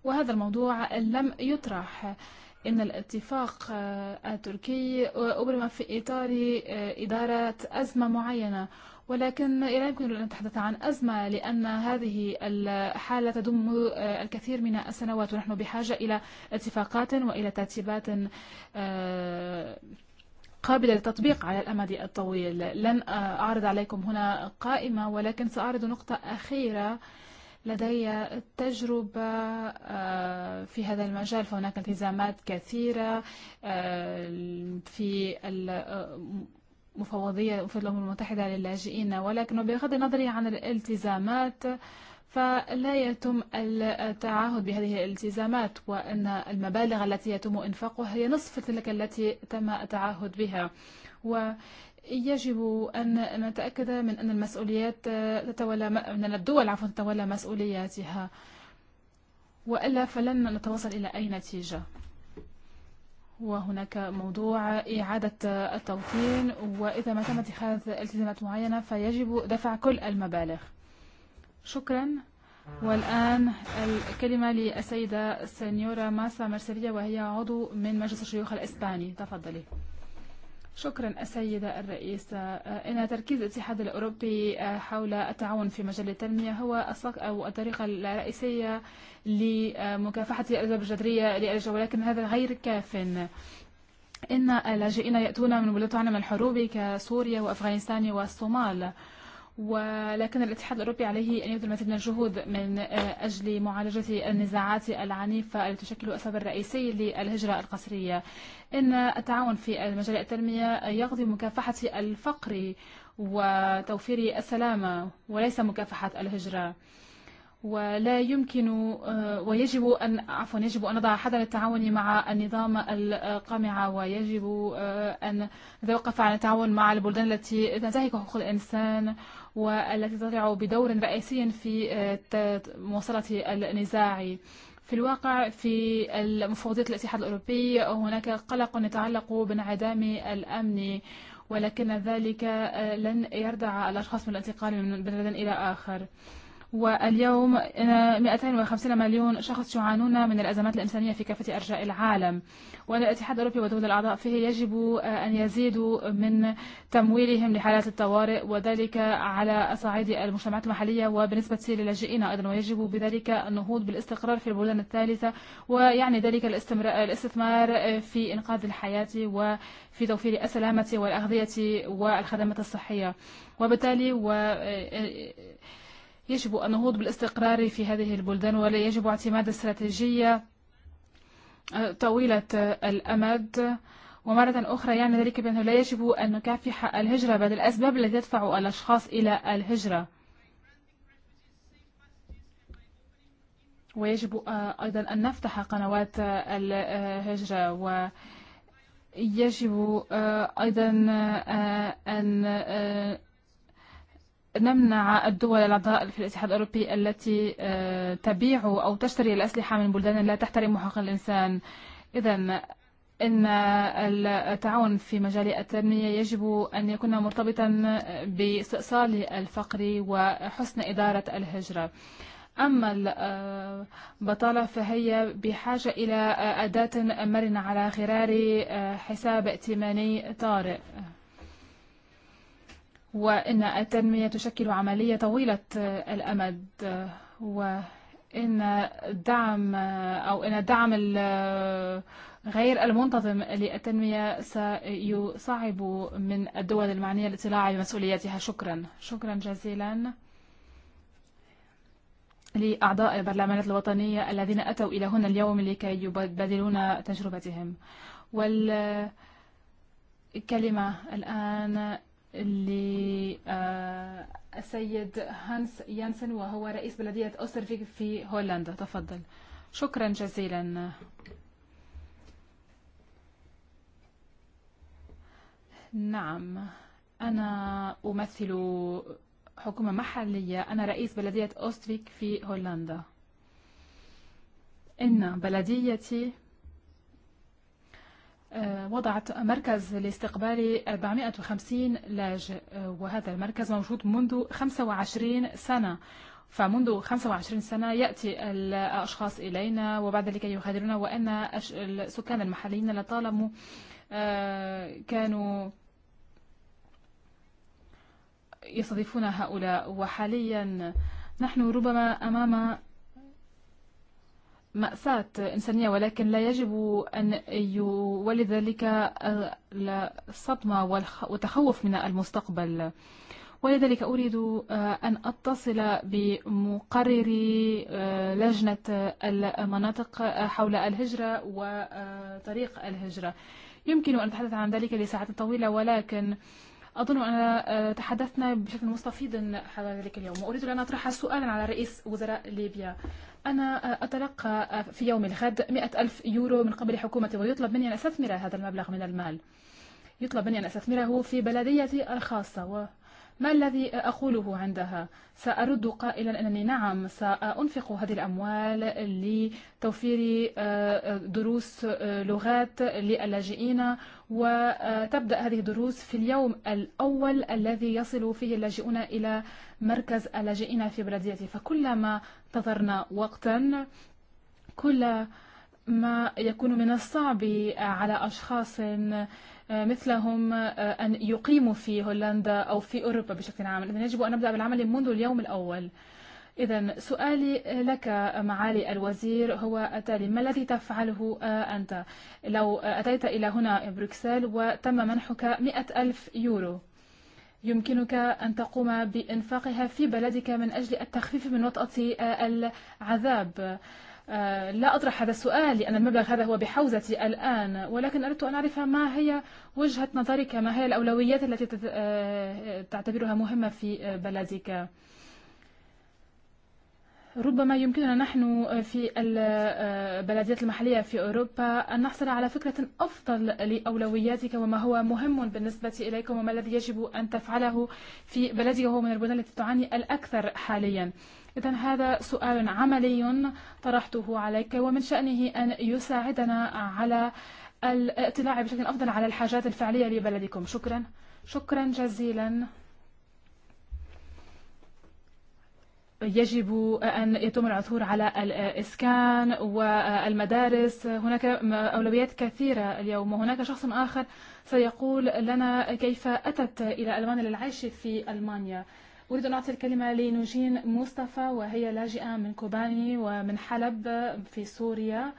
وهذا الموضوع لم يطرح إن الاتفاق التركي أبرم في إطار إدارة أزمة معينة ولكن لا يمكن أن نتحدث عن أزمة لأن هذه الحالة تدم الكثير من السنوات ونحن بحاجة إلى اتفاقات وإلى ترتيبات قابلة للتطبيق على الأمد الطويل لن أعرض عليكم هنا قائمة ولكن سأعرض نقطة أخيرة لدي تجربة في هذا المجال فهناك التزامات كثيرة في مفوضية في الأمم المتحدة للاجئين ولكن بغض النظر عن الالتزامات فلا يتم التعهد بهذه الالتزامات وأن المبالغ التي يتم إنفاقها هي نصف تلك التي تم التعهد بها ويجب أن نتأكد من أن المسؤوليات تتولى من الدول عفوا تتولى مسؤولياتها وإلا فلن نتوصل إلى أي نتيجة وهناك موضوع إعادة التوطين وإذا ما تم اتخاذ التزامات معينة فيجب دفع كل المبالغ شكرا والآن الكلمة للسيدة سنيورا ماسا مرسيليا وهي عضو من مجلس الشيوخ الإسباني تفضلي شكرا السيدة الرئيسة إن تركيز الاتحاد الأوروبي حول التعاون في مجال التنمية هو أو الطريقة الرئيسية لمكافحة الأزمة الجذرية لأجل ولكن هذا غير كاف إن اللاجئين يأتون من بلدان الحروب كسوريا وأفغانستان والصومال ولكن الاتحاد الأوروبي عليه أن يبذل مزيد من الجهود من أجل معالجة النزاعات العنيفة التي تشكل السبب الرئيسي للهجرة القسرية إن التعاون في مجال التنمية يقضي مكافحة الفقر وتوفير السلامة وليس مكافحة الهجرة ولا يمكن ويجب أن عفوا يجب أن نضع حدا للتعاون مع النظام القمع ويجب أن نتوقف عن التعاون مع البلدان التي تنتهك حقوق الإنسان والتي تضع بدور رئيسي في مواصلة النزاع في الواقع في المفوضية الاتحاد الأوروبي هناك قلق يتعلق بانعدام الأمن ولكن ذلك لن يردع الأشخاص من الانتقال من بلد إلى آخر واليوم 250 مليون شخص يعانون من الأزمات الإنسانية في كافة أرجاء العالم وأن الاتحاد الأوروبي ودول الأعضاء فيه يجب أن يزيدوا من تمويلهم لحالات الطوارئ وذلك على صعيد المجتمعات المحلية وبنسبة للاجئين أيضا ويجب بذلك النهوض بالاستقرار في البلدان الثالثة ويعني ذلك الاستثمار في إنقاذ الحياة وفي توفير السلامة والأغذية والخدمات الصحية وبالتالي و يجب أن نهوض بالاستقرار في هذه البلدان ولا يجب اعتماد استراتيجية طويلة الأمد ومرة أخرى يعني ذلك بأنه لا يجب أن نكافح الهجرة بعد الأسباب التي تدفع الأشخاص إلى الهجرة ويجب أيضا أن نفتح قنوات الهجرة ويجب أيضا أن نمنع الدول الأعضاء في الاتحاد الأوروبي التي تبيع أو تشتري الأسلحة من بلدان لا تحترم حقوق الإنسان إذا إن التعاون في مجال التنمية يجب أن يكون مرتبطا باستئصال الفقر وحسن إدارة الهجرة أما البطالة فهي بحاجة إلى أداة مرنة على غرار حساب ائتماني طارئ وإن التنمية تشكل عملية طويلة الأمد وإن الدعم أو إن الدعم غير المنتظم للتنمية سيصعب من الدول المعنية الاطلاع بمسؤولياتها شكرا شكرا جزيلا لأعضاء البرلمانات الوطنية الذين أتوا إلى هنا اليوم لكي يبدلون تجربتهم والكلمة الآن اللي السيد هانس يانسن وهو رئيس بلدية أوسترفيك في هولندا تفضل شكرا جزيلا نعم أنا أمثل حكومة محلية أنا رئيس بلدية أوستريك في هولندا إن بلديتي وضعت مركز لاستقبال 450 لاجئ وهذا المركز موجود منذ 25 سنة فمنذ 25 سنة يأتي الأشخاص إلينا وبعد ذلك يغادرنا وأن السكان المحليين لطالما كانوا يستضيفون هؤلاء وحاليا نحن ربما أمام مأساة إنسانية ولكن لا يجب أن يولي ذلك الصدمة والتخوف من المستقبل ولذلك أريد أن أتصل بمقرر لجنة المناطق حول الهجرة وطريق الهجرة يمكن أن أتحدث عن ذلك لساعات طويلة ولكن أظن أننا تحدثنا بشكل مستفيض حول ذلك اليوم وأريد أن أطرح سؤالا على رئيس وزراء ليبيا أنا أتلقى في يوم الغد مئة ألف يورو من قبل حكومتي ويطلب مني أن أستثمر هذا المبلغ من المال يطلب مني أن أستثمره في بلديتي الخاصة و... ما الذي أقوله عندها؟ سأرد قائلا أنني نعم سأنفق هذه الأموال لتوفير دروس لغات للاجئين وتبدأ هذه الدروس في اليوم الأول الذي يصل فيه اللاجئون إلى مركز اللاجئين في بلديتي فكلما انتظرنا وقتا كل ما يكون من الصعب على أشخاص مثلهم أن يقيموا في هولندا أو في أوروبا بشكل عام إذن يجب أن نبدأ بالعمل منذ اليوم الأول إذا سؤالي لك معالي الوزير هو التالي ما الذي تفعله أنت لو أتيت إلى هنا بروكسل وتم منحك مئة ألف يورو يمكنك أن تقوم بإنفاقها في بلدك من أجل التخفيف من وطأة العذاب لا أطرح هذا السؤال لأن المبلغ هذا هو بحوزتي الآن ولكن أردت أن أعرف ما هي وجهة نظرك ما هي الأولويات التي تعتبرها مهمة في بلدك ربما يمكننا نحن في البلديات المحلية في أوروبا أن نحصل على فكرة أفضل لأولوياتك وما هو مهم بالنسبة إليكم وما الذي يجب أن تفعله في بلدك وهو من البلدان التي تعاني الأكثر حاليا إذا هذا سؤال عملي طرحته عليك ومن شأنه أن يساعدنا على الاطلاع بشكل أفضل على الحاجات الفعلية لبلدكم شكرا شكرا جزيلا يجب أن يتم العثور على الإسكان والمدارس هناك أولويات كثيرة اليوم وهناك شخص آخر سيقول لنا كيف أتت إلى ألمانيا للعيش في ألمانيا أريد أن أعطي الكلمة لنوجين مصطفى وهي لاجئة من كوباني ومن حلب في سوريا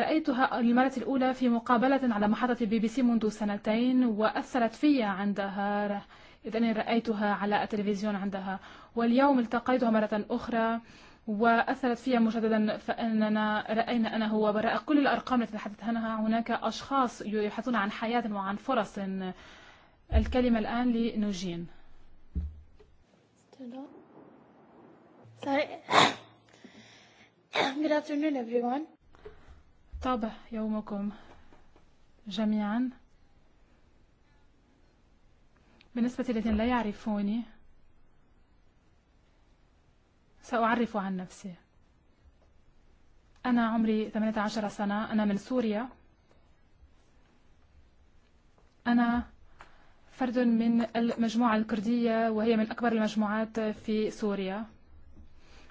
رأيتها للمرة الأولى في مقابلة على محطة بي بي سي منذ سنتين وأثرت في عندها إذ أني رأيتها على التلفزيون عندها واليوم التقيتها مرة أخرى وأثرت فيها مجددا فإننا رأينا أنه وراء كل الأرقام التي تحدث عنها هناك أشخاص يبحثون عن حياة وعن فرص الكلمة الآن لنوجين Hello. Sorry. Good afternoon, everyone. طابع يومكم جميعا بالنسبة للذين لا يعرفوني سأعرف عن نفسي أنا عمري 18 سنة أنا من سوريا أنا فرد من المجموعة الكردية وهي من أكبر المجموعات في سوريا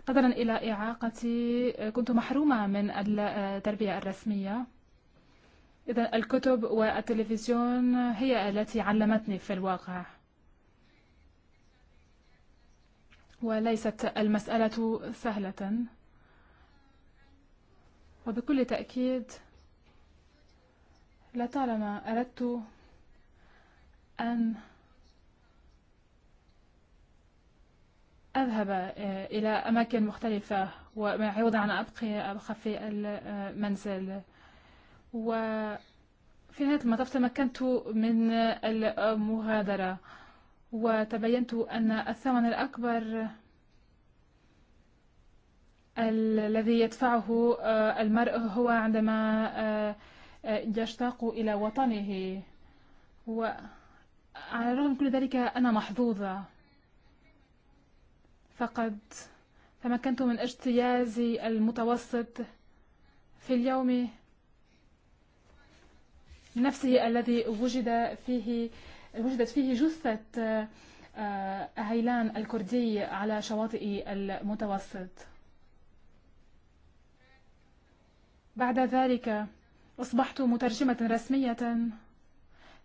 قدرا إلى إعاقتي كنت محرومة من التربية الرسمية إذا الكتب والتلفزيون هي التي علمتني في الواقع وليست المسألة سهلة وبكل تأكيد لطالما أردت أن أذهب إلى أماكن مختلفة ويعوض عن أبقي خفي المنزل وفي نهاية المطاف تمكنت من المغادرة وتبينت أن الثمن الأكبر الذي يدفعه المرء هو عندما يشتاق إلى وطنه وعندما على الرغم كل ذلك أنا محظوظة فقد تمكنت من اجتيازي المتوسط في اليوم نفسه الذي وجد فيه وجدت فيه جثة هيلان الكردي على شواطئ المتوسط بعد ذلك أصبحت مترجمة رسمية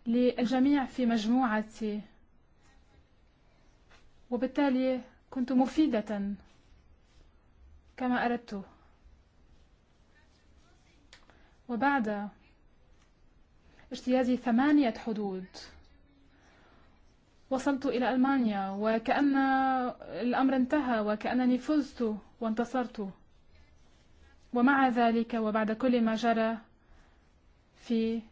للجميع في مجموعتي وبالتالي كنت مفيدة كما أردت وبعد اجتيازي ثمانية حدود وصلت إلى ألمانيا وكأن الأمر انتهى وكأنني فزت وانتصرت ومع ذلك وبعد كل ما جرى في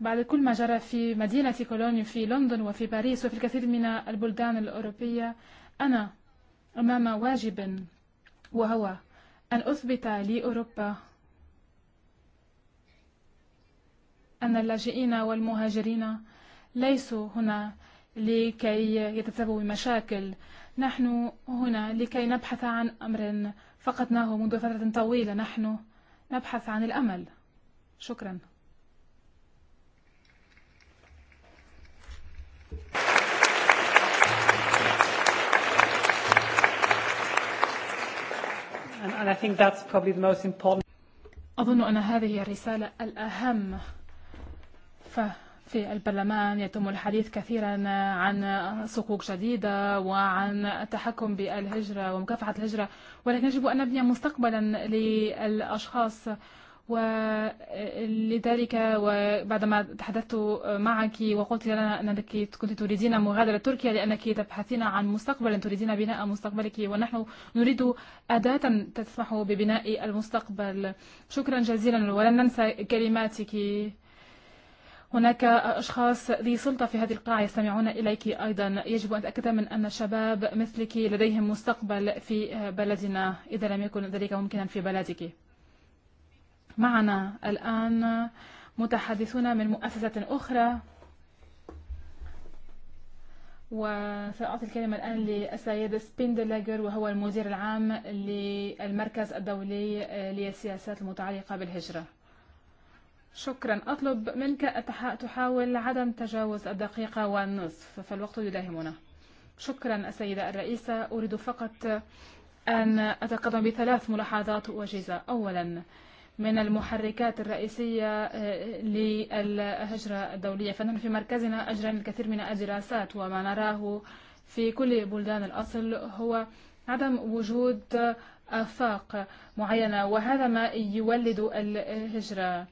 بعد كل ما جرى في مدينة كولونيو في لندن وفي باريس وفي الكثير من البلدان الأوروبية أنا أمام واجب وهو أن أثبت لأوروبا أن اللاجئين والمهاجرين ليسوا هنا لكي يتسببوا بمشاكل نحن هنا لكي نبحث عن أمر فقدناه منذ فترة طويلة نحن نبحث عن الأمل شكراً and, and I think that's probably the most important. أظن أن هذه الرسالة الأهم ففي البرلمان يتم الحديث كثيرا عن صكوك جديدة وعن التحكم بالهجرة ومكافحة الهجرة ولكن يجب أن نبني مستقبلا للأشخاص ولذلك وبعدما تحدثت معك وقلت لنا أنك كنت تريدين مغادرة تركيا لأنك تبحثين عن مستقبل تريدين بناء مستقبلك ونحن نريد أداة تسمح ببناء المستقبل شكرا جزيلا ولن ننسى كلماتك هناك أشخاص ذي سلطة في هذه القاعة يستمعون إليك أيضا يجب أن تأكد من أن الشباب مثلك لديهم مستقبل في بلدنا إذا لم يكن ذلك ممكنا في بلدك معنا الآن متحدثون من مؤسسة أخرى وسأعطي الكلمة الآن للسيد سبيندلاجر وهو المدير العام للمركز الدولي للسياسات المتعلقة بالهجرة شكرا أطلب منك تحاول عدم تجاوز الدقيقة والنصف فالوقت يداهمنا شكرا السيدة الرئيسة أريد فقط أن أتقدم بثلاث ملاحظات وجيزة أولا من المحركات الرئيسية للهجرة الدولية فنحن في مركزنا أجرى الكثير من الدراسات وما نراه في كل بلدان الأصل هو عدم وجود آفاق معينة وهذا ما يولد الهجرة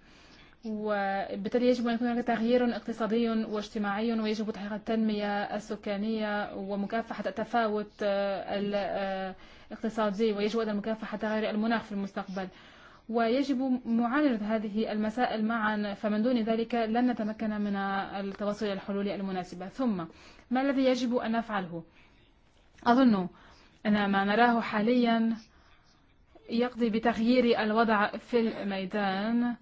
وبالتالي يجب أن يكون هناك تغيير اقتصادي واجتماعي ويجب تحقيق التنمية السكانية ومكافحة التفاوت الاقتصادي ويجب أيضا مكافحة تغير المناخ في المستقبل ويجب معالجة هذه المسائل معا فمن دون ذلك لن نتمكن من التوصل إلى الحلول المناسبة ثم ما الذي يجب أن نفعله أظن أن ما نراه حاليا يقضي بتغيير الوضع في الميدان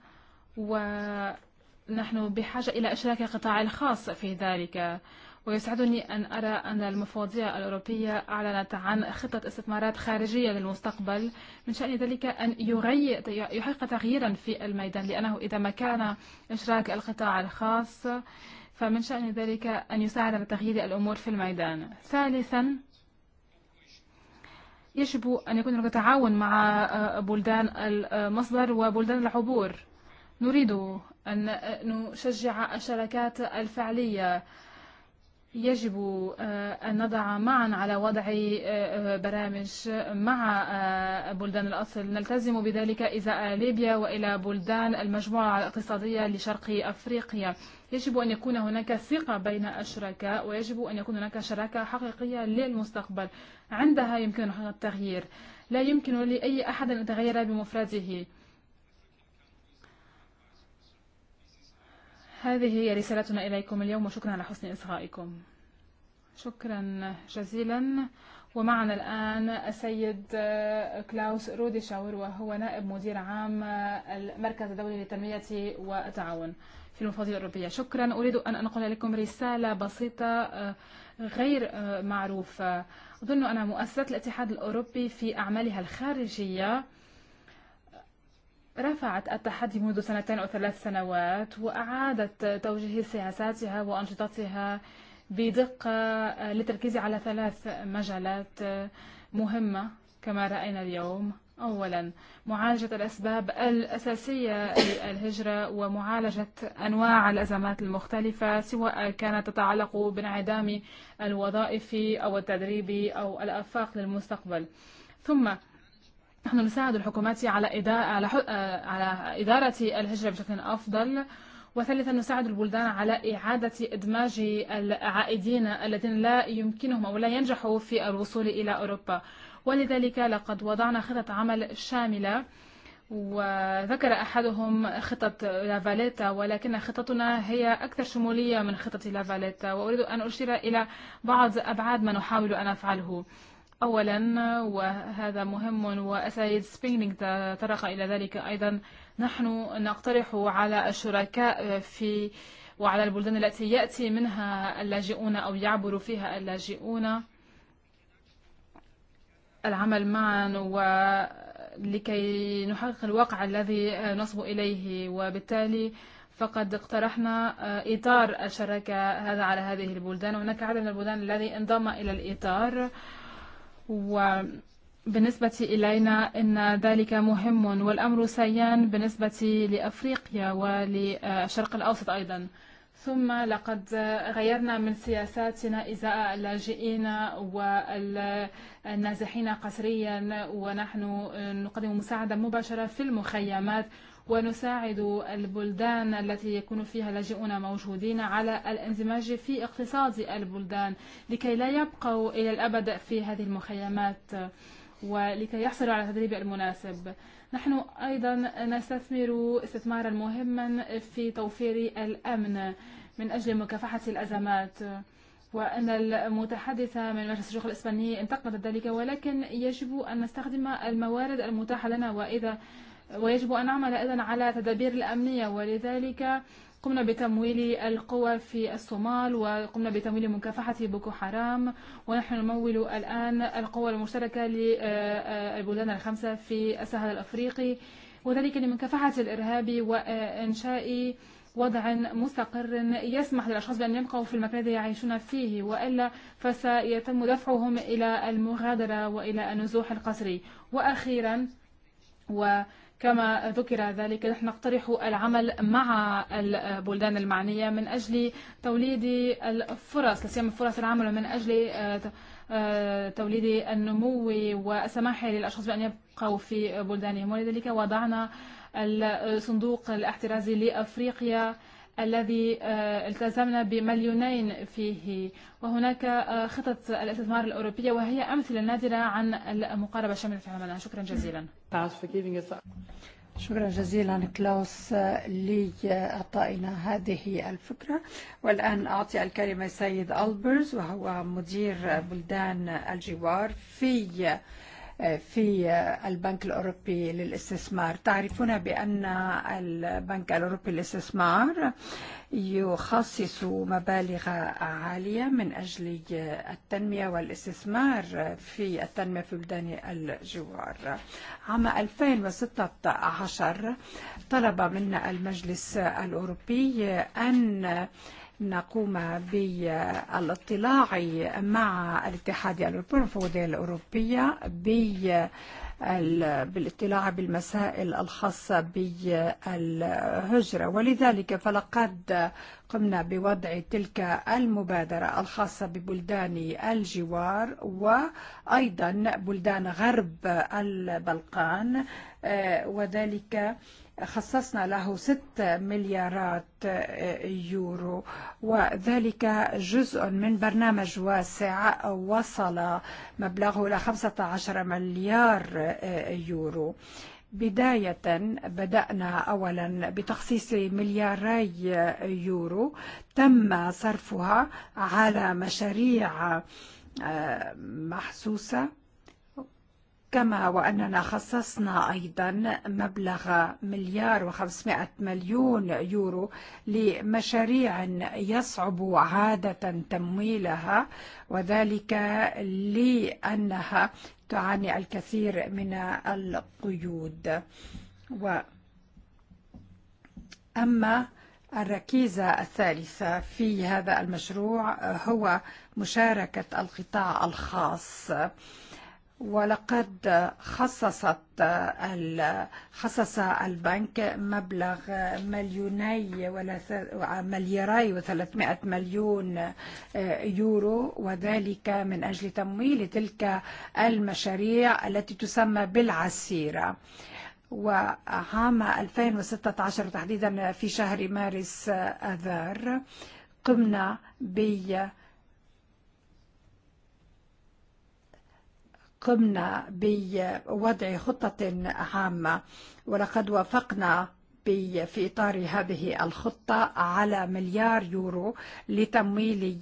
ونحن بحاجة إلى إشراك القطاع الخاص في ذلك ويسعدني أن أرى أن المفوضية الأوروبية أعلنت عن خطة استثمارات خارجية للمستقبل من شأن ذلك أن يحقق تغييرا في الميدان لأنه إذا ما كان إشراك القطاع الخاص فمن شأن ذلك أن يساعد على تغيير الأمور في الميدان ثالثا يجب أن يكون هناك تعاون مع بلدان المصدر وبلدان العبور نريد أن نشجع الشركات الفعلية يجب أن نضع معا على وضع برامج مع بلدان الأصل نلتزم بذلك إذا ليبيا وإلى بلدان المجموعة الاقتصادية لشرق أفريقيا يجب أن يكون هناك ثقة بين الشركاء ويجب أن يكون هناك شراكة حقيقية للمستقبل عندها يمكن التغيير لا يمكن لأي أحد أن يتغير بمفرده هذه هي رسالتنا إليكم اليوم وشكرا على حسن إصغائكم شكرا جزيلا ومعنا الآن السيد كلاوس رودي شاور وهو نائب مدير عام المركز الدولي للتنمية والتعاون في المفوضية الأوروبية شكرا أريد أن أنقل لكم رسالة بسيطة غير معروفة أظن أن مؤسسة الاتحاد الأوروبي في أعمالها الخارجية رفعت التحدي منذ سنتين أو ثلاث سنوات وأعادت توجيه سياساتها وأنشطتها بدقة للتركيز على ثلاث مجالات مهمة كما رأينا اليوم أولا معالجة الأسباب الأساسية للهجرة ومعالجة أنواع الأزمات المختلفة سواء كانت تتعلق بانعدام الوظائف أو التدريب أو الأفاق للمستقبل ثم نحن نساعد الحكومات على إدارة على, على إدارة الهجرة بشكل أفضل وثالثا نساعد البلدان على إعادة إدماج العائدين الذين لا يمكنهم أو لا ينجحوا في الوصول إلى أوروبا ولذلك لقد وضعنا خطة عمل شاملة وذكر أحدهم خطة لافاليتا ولكن خطتنا هي أكثر شمولية من خطة لافاليتا وأريد أن أشير إلى بعض أبعاد ما نحاول أن أفعله أولا وهذا مهم وأسايد سبينينج ترقى إلى ذلك أيضا نحن نقترح على الشركاء في وعلى البلدان التي يأتي منها اللاجئون أو يعبر فيها اللاجئون العمل معا ولكي نحقق الواقع الذي نصب إليه وبالتالي فقد اقترحنا إطار الشركة هذا على هذه البلدان هناك عدد من البلدان الذي انضم إلى الإطار وبالنسبة إلينا إن ذلك مهم والأمر سيان بالنسبة لأفريقيا وللشرق الأوسط أيضا ثم لقد غيرنا من سياساتنا إزاء اللاجئين والنازحين قسريا ونحن نقدم مساعدة مباشرة في المخيمات ونساعد البلدان التي يكون فيها لاجئون موجودين على الاندماج في اقتصاد البلدان لكي لا يبقوا إلى الأبد في هذه المخيمات ولكي يحصلوا على التدريب المناسب نحن أيضا نستثمر استثمارا مهما في توفير الأمن من أجل مكافحة الأزمات وأن المتحدثة من مجلس الشيوخ الإسباني انتقدت ذلك ولكن يجب أن نستخدم الموارد المتاحة لنا وإذا ويجب أن نعمل أيضا على تدابير الأمنية ولذلك قمنا بتمويل القوى في الصومال وقمنا بتمويل مكافحة بوكو حرام ونحن نمول الآن القوى المشتركة للبلدان الخمسة في السهل الأفريقي وذلك لمكافحة الإرهاب وإنشاء وضع مستقر يسمح للأشخاص بأن يبقوا في المكان الذي يعيشون فيه وإلا فسيتم دفعهم إلى المغادرة وإلى النزوح القسري وأخيرا و كما ذكر ذلك نحن نقترح العمل مع البلدان المعنية من أجل توليد الفرص لسيما فرص العمل من أجل توليد النمو والسماح للأشخاص بأن يبقوا في بلدانهم ولذلك وضعنا الصندوق الاحترازي لأفريقيا الذي التزمنا بمليونين فيه وهناك خطط الاستثمار الأوروبية وهي أمثلة نادرة عن المقاربة الشاملة في عملنا شكرا جزيلا شكرا جزيلا كلاوس لأعطائنا هذه الفكرة والآن أعطي الكلمة سيد ألبرز وهو مدير بلدان الجوار في في البنك الأوروبي للاستثمار تعرفون بأن البنك الأوروبي للاستثمار يخصص مبالغ عالية من أجل التنمية والاستثمار في التنمية في بلدان الجوار عام 2016 طلب منا المجلس الأوروبي أن نقوم بالاطلاع مع الاتحاد الأوروبي والفوضية الأوروبية بالاطلاع بالمسائل الخاصة بالهجرة ولذلك فلقد قمنا بوضع تلك المبادرة الخاصة ببلدان الجوار وأيضا بلدان غرب البلقان وذلك خصصنا له 6 مليارات يورو وذلك جزء من برنامج واسع وصل مبلغه إلى 15 مليار يورو بداية بدأنا أولا بتخصيص ملياري يورو تم صرفها على مشاريع محسوسة كما وأننا خصصنا أيضا مبلغ مليار وخمسمائة مليون يورو لمشاريع يصعب عادة تمويلها وذلك لأنها تعاني الكثير من القيود و أما الركيزة الثالثة في هذا المشروع هو مشاركة القطاع الخاص ولقد خصصت خصص البنك مبلغ مليوني ملياري وثلاثمائة مليون يورو وذلك من أجل تمويل تلك المشاريع التي تسمى بالعسيرة وعام 2016 تحديدا في شهر مارس أذار قمنا بالعسيرة قمنا بوضع خطة عامة ولقد وافقنا في إطار هذه الخطة على مليار يورو لتمويل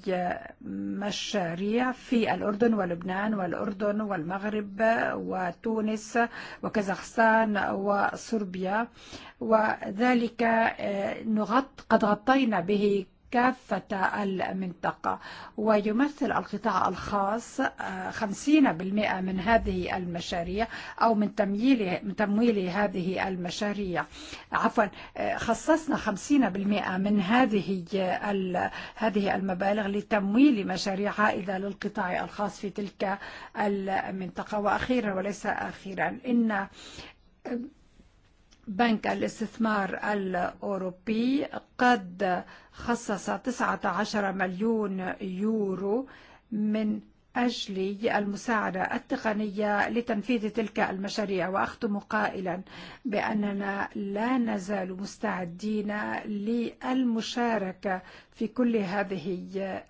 مشاريع في الأردن ولبنان والأردن والمغرب وتونس وكازاخستان وصربيا وذلك قد غطينا به كافة المنطقة ويمثل القطاع الخاص 50% من هذه المشاريع أو من تمويل من تمويل هذه المشاريع عفوا خصصنا 50% من هذه هذه المبالغ لتمويل مشاريع عائدة للقطاع الخاص في تلك المنطقة وأخيرا وليس أخيرا إن بنك الاستثمار الأوروبي قد خصص 19 مليون يورو من أجل المساعدة التقنية لتنفيذ تلك المشاريع وأختم قائلا بأننا لا نزال مستعدين للمشاركة في كل هذه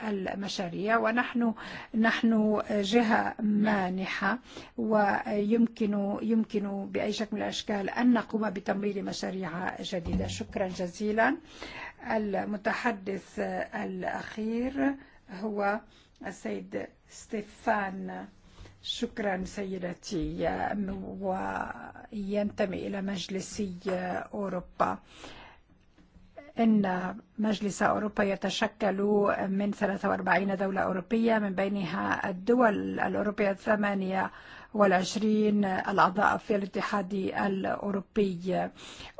المشاريع ونحن نحن جهة مانحة ويمكن يمكن بأي شكل من الأشكال أن نقوم بتمويل مشاريع جديدة شكرا جزيلا المتحدث الأخير هو السيد ستيفان شكرا سيدتي وينتمي إلى مجلسي أوروبا إن مجلس أوروبا يتشكل من 43 دولة أوروبية من بينها الدول الأوروبية الثمانية والعشرين الأعضاء في الاتحاد الأوروبي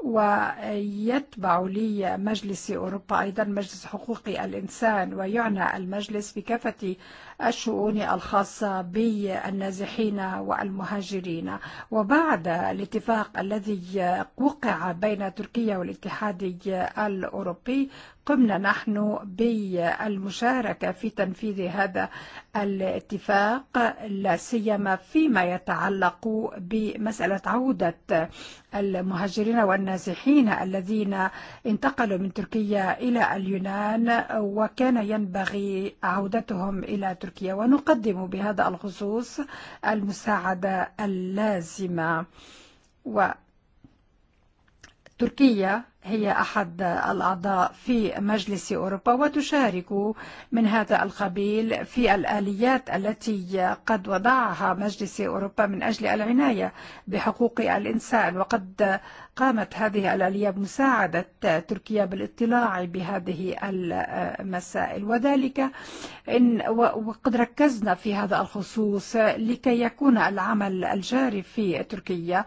ويتبع لي مجلس أوروبا أيضا مجلس حقوق الإنسان ويعنى المجلس بكافة الشؤون الخاصة بالنازحين والمهاجرين وبعد الاتفاق الذي وقع بين تركيا والاتحاد الأوروبي قمنا نحن بالمشاركة في تنفيذ هذا الاتفاق لا سيما فيما يتعلق بمسألة عودة المهاجرين والنازحين الذين انتقلوا من تركيا إلى اليونان وكان ينبغي عودتهم إلى تركيا ونقدم بهذا الخصوص المساعدة اللازمة وتركيا هي أحد الأعضاء في مجلس أوروبا وتشارك من هذا القبيل في الآليات التي قد وضعها مجلس أوروبا من أجل العناية بحقوق الإنسان وقد قامت هذه الآلية بمساعدة تركيا بالاطلاع بهذه المسائل وذلك إن وقد ركزنا في هذا الخصوص لكي يكون العمل الجاري في تركيا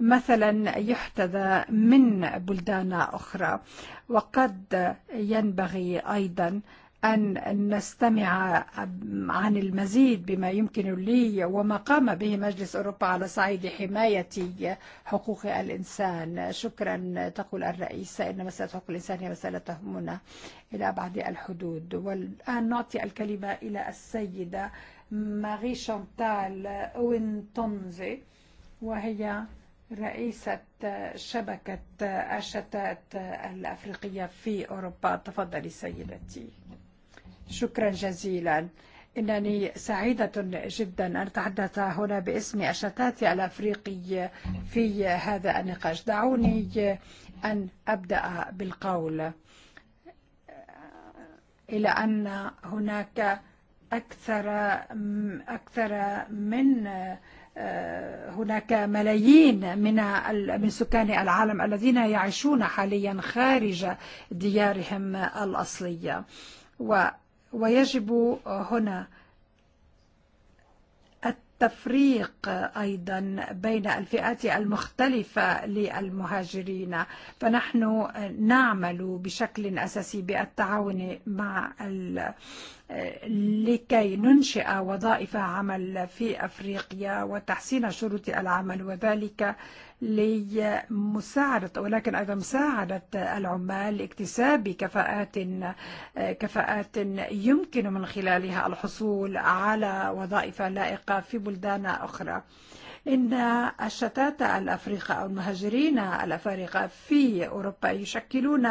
مثلا يحتذى من بلدان أخرى وقد ينبغي أيضا أن نستمع عن المزيد بما يمكن لي وما قام به مجلس أوروبا على صعيد حماية حقوق الإنسان شكرا تقول الرئيسة إن مسألة حقوق الإنسان هي مسألة تهمنا إلى أبعد الحدود والآن نعطي الكلمة إلى السيدة ماري شانتال وينتونزي وهي رئيسة شبكة الشتات الأفريقية في أوروبا تفضلي سيدتي شكرا جزيلا إنني سعيدة جدا أن أتحدث هنا باسم الشتات الأفريقي في هذا النقاش دعوني أن أبدأ بالقول إلى أن هناك أكثر أكثر من هناك ملايين من من سكان العالم الذين يعيشون حاليا خارج ديارهم الأصلية ويجب هنا تفريق أيضا بين الفئات المختلفة للمهاجرين فنحن نعمل بشكل أساسي بالتعاون مع المهاجرين لكي ننشئ وظائف عمل في أفريقيا وتحسين شروط العمل وذلك لمساعدة ولكن أيضا مساعدة العمال لاكتساب كفاءات كفاءات يمكن من خلالها الحصول على وظائف لائقة في بلدان أخرى. إن الشتات الأفريقى أو المهاجرين الأفارقة في أوروبا يشكلون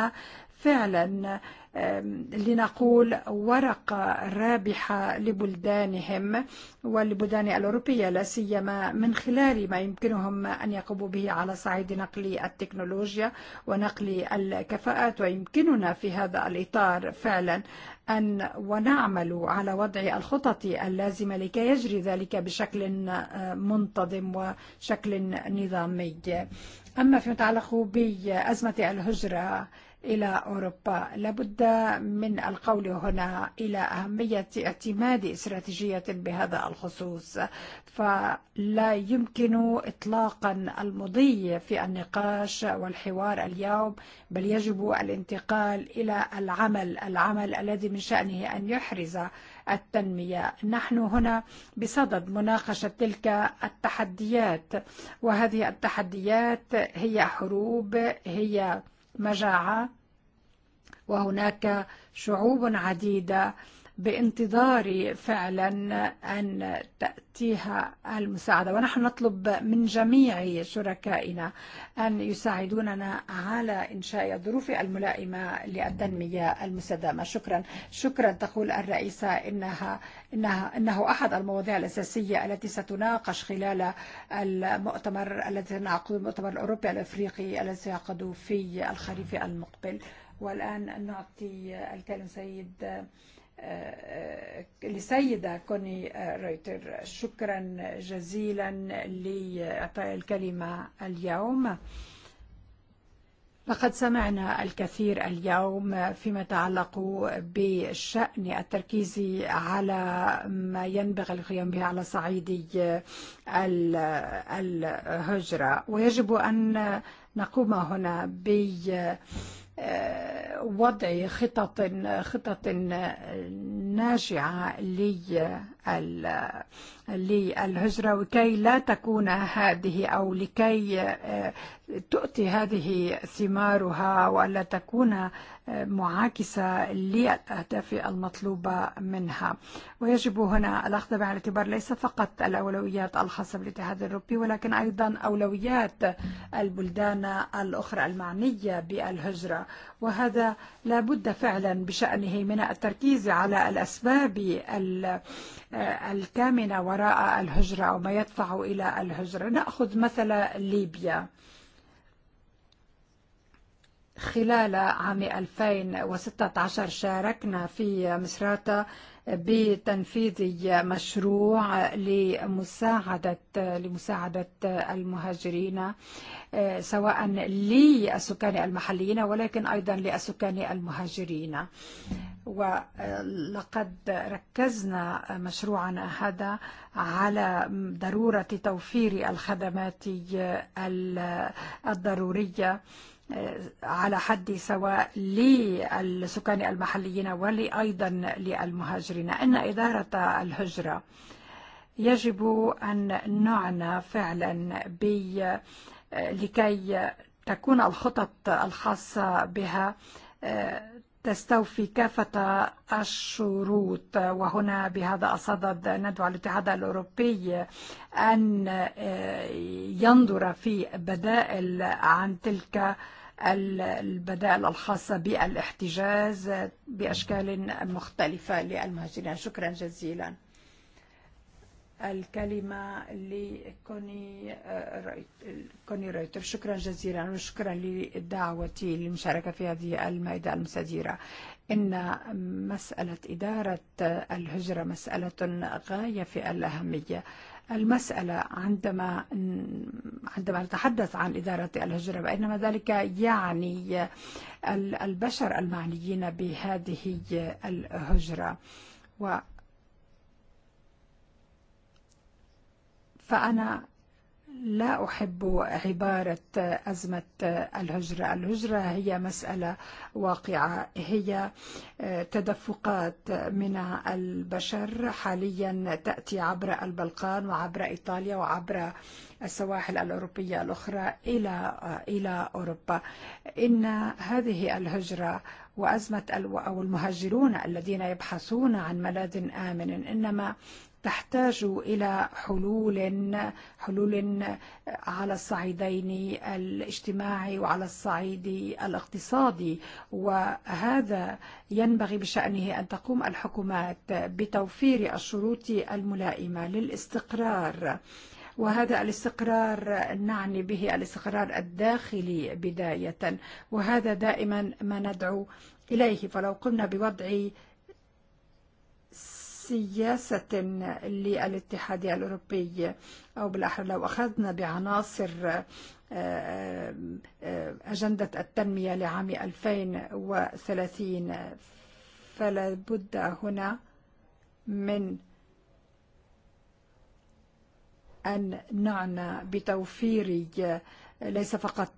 فعلا لنقول ورقة رابحة لبلدانهم والبلدان الأوروبية لا سيما من خلال ما يمكنهم أن يقوموا به على صعيد نقل التكنولوجيا ونقل الكفاءات ويمكننا في هذا الإطار فعلا أن ونعمل على وضع الخطط اللازمة لكي يجري ذلك بشكل منتظم وشكل نظامي أما فيما يتعلق بأزمة الهجرة إلى أوروبا لابد من القول هنا إلى أهمية اعتماد استراتيجية بهذا الخصوص فلا يمكن إطلاقا المضي في النقاش والحوار اليوم بل يجب الانتقال إلى العمل العمل الذي من شأنه أن يحرز التنمية نحن هنا بصدد مناقشة تلك التحديات وهذه التحديات هي حروب هي مجاعة وهناك شعوب عديدة بانتظار فعلا أن تأتيها المساعدة ونحن نطلب من جميع شركائنا أن يساعدوننا على إنشاء الظروف الملائمة للتنمية المستدامة شكرا شكرا تقول الرئيسة إنها, إنها إنه أحد المواضيع الأساسية التي ستناقش خلال المؤتمر الذي سنعقد المؤتمر الأوروبي الأفريقي الذي سيعقد في الخريف المقبل والآن نعطي الكلام سيد لسيدة كوني رويتر شكرا جزيلا لإعطاء الكلمة اليوم لقد سمعنا الكثير اليوم فيما يتعلق بالشأن التركيز على ما ينبغي القيام به على صعيد الهجرة ويجب أن نقوم هنا ب وضع خطط خطط ناجعة لي للهجرة وكي لا تكون هذه أو لكي تؤتي هذه ثمارها ولا تكون معاكسة للأهداف المطلوبة منها ويجب هنا الأخذ باعتبار ليس فقط الأولويات الخاصة بالاتحاد الأوروبي ولكن أيضا أولويات البلدان الأخرى المعنية بالهجرة وهذا لا بد فعلا بشأنه من التركيز على الأسباب الكامنة وراء الهجرة أو ما يدفع إلى الهجرة نأخذ مثلا ليبيا خلال عام 2016 شاركنا في مصراتة بتنفيذ مشروع لمساعدة لمساعدة المهاجرين سواء للسكان المحليين ولكن أيضا للسكان المهاجرين ولقد ركزنا مشروعنا هذا على ضرورة توفير الخدمات الضرورية على حد سواء للسكان المحليين وأيضا للمهاجرين أن إدارة الهجرة يجب أن نعنى فعلا بالهجرة لكي تكون الخطط الخاصة بها تستوفي كافة الشروط وهنا بهذا الصدد ندعو الاتحاد الأوروبي أن ينظر في بدائل عن تلك البدائل الخاصة بالاحتجاز بأشكال مختلفة للمهاجرين شكرا جزيلا الكلمة لكوني كوني رويتر شكرا جزيلا وشكرا لدعوتي للمشاركة في هذه المائدة المستديرة إن مسألة إدارة الهجرة مسألة غاية في الأهمية المسألة عندما عندما نتحدث عن إدارة الهجرة فإنما ذلك يعني البشر المعنيين بهذه الهجرة و فأنا لا أحب عبارة أزمة الهجرة الهجرة هي مسألة واقعة هي تدفقات من البشر حاليا تأتي عبر البلقان وعبر إيطاليا وعبر السواحل الأوروبية الأخرى إلى إلى أوروبا إن هذه الهجرة وأزمة أو المهاجرون الذين يبحثون عن ملاذ آمن إنما تحتاج إلى حلول حلول على الصعيدين الاجتماعي وعلى الصعيد الاقتصادي وهذا ينبغي بشأنه أن تقوم الحكومات بتوفير الشروط الملائمة للاستقرار وهذا الاستقرار نعني به الاستقرار الداخلي بداية وهذا دائما ما ندعو إليه فلو قمنا بوضع سياسة للاتحاد الأوروبي أو بالأحرى لو أخذنا بعناصر أجندة التنمية لعام 2030 فلا بد هنا من أن نعنى بتوفير ليس فقط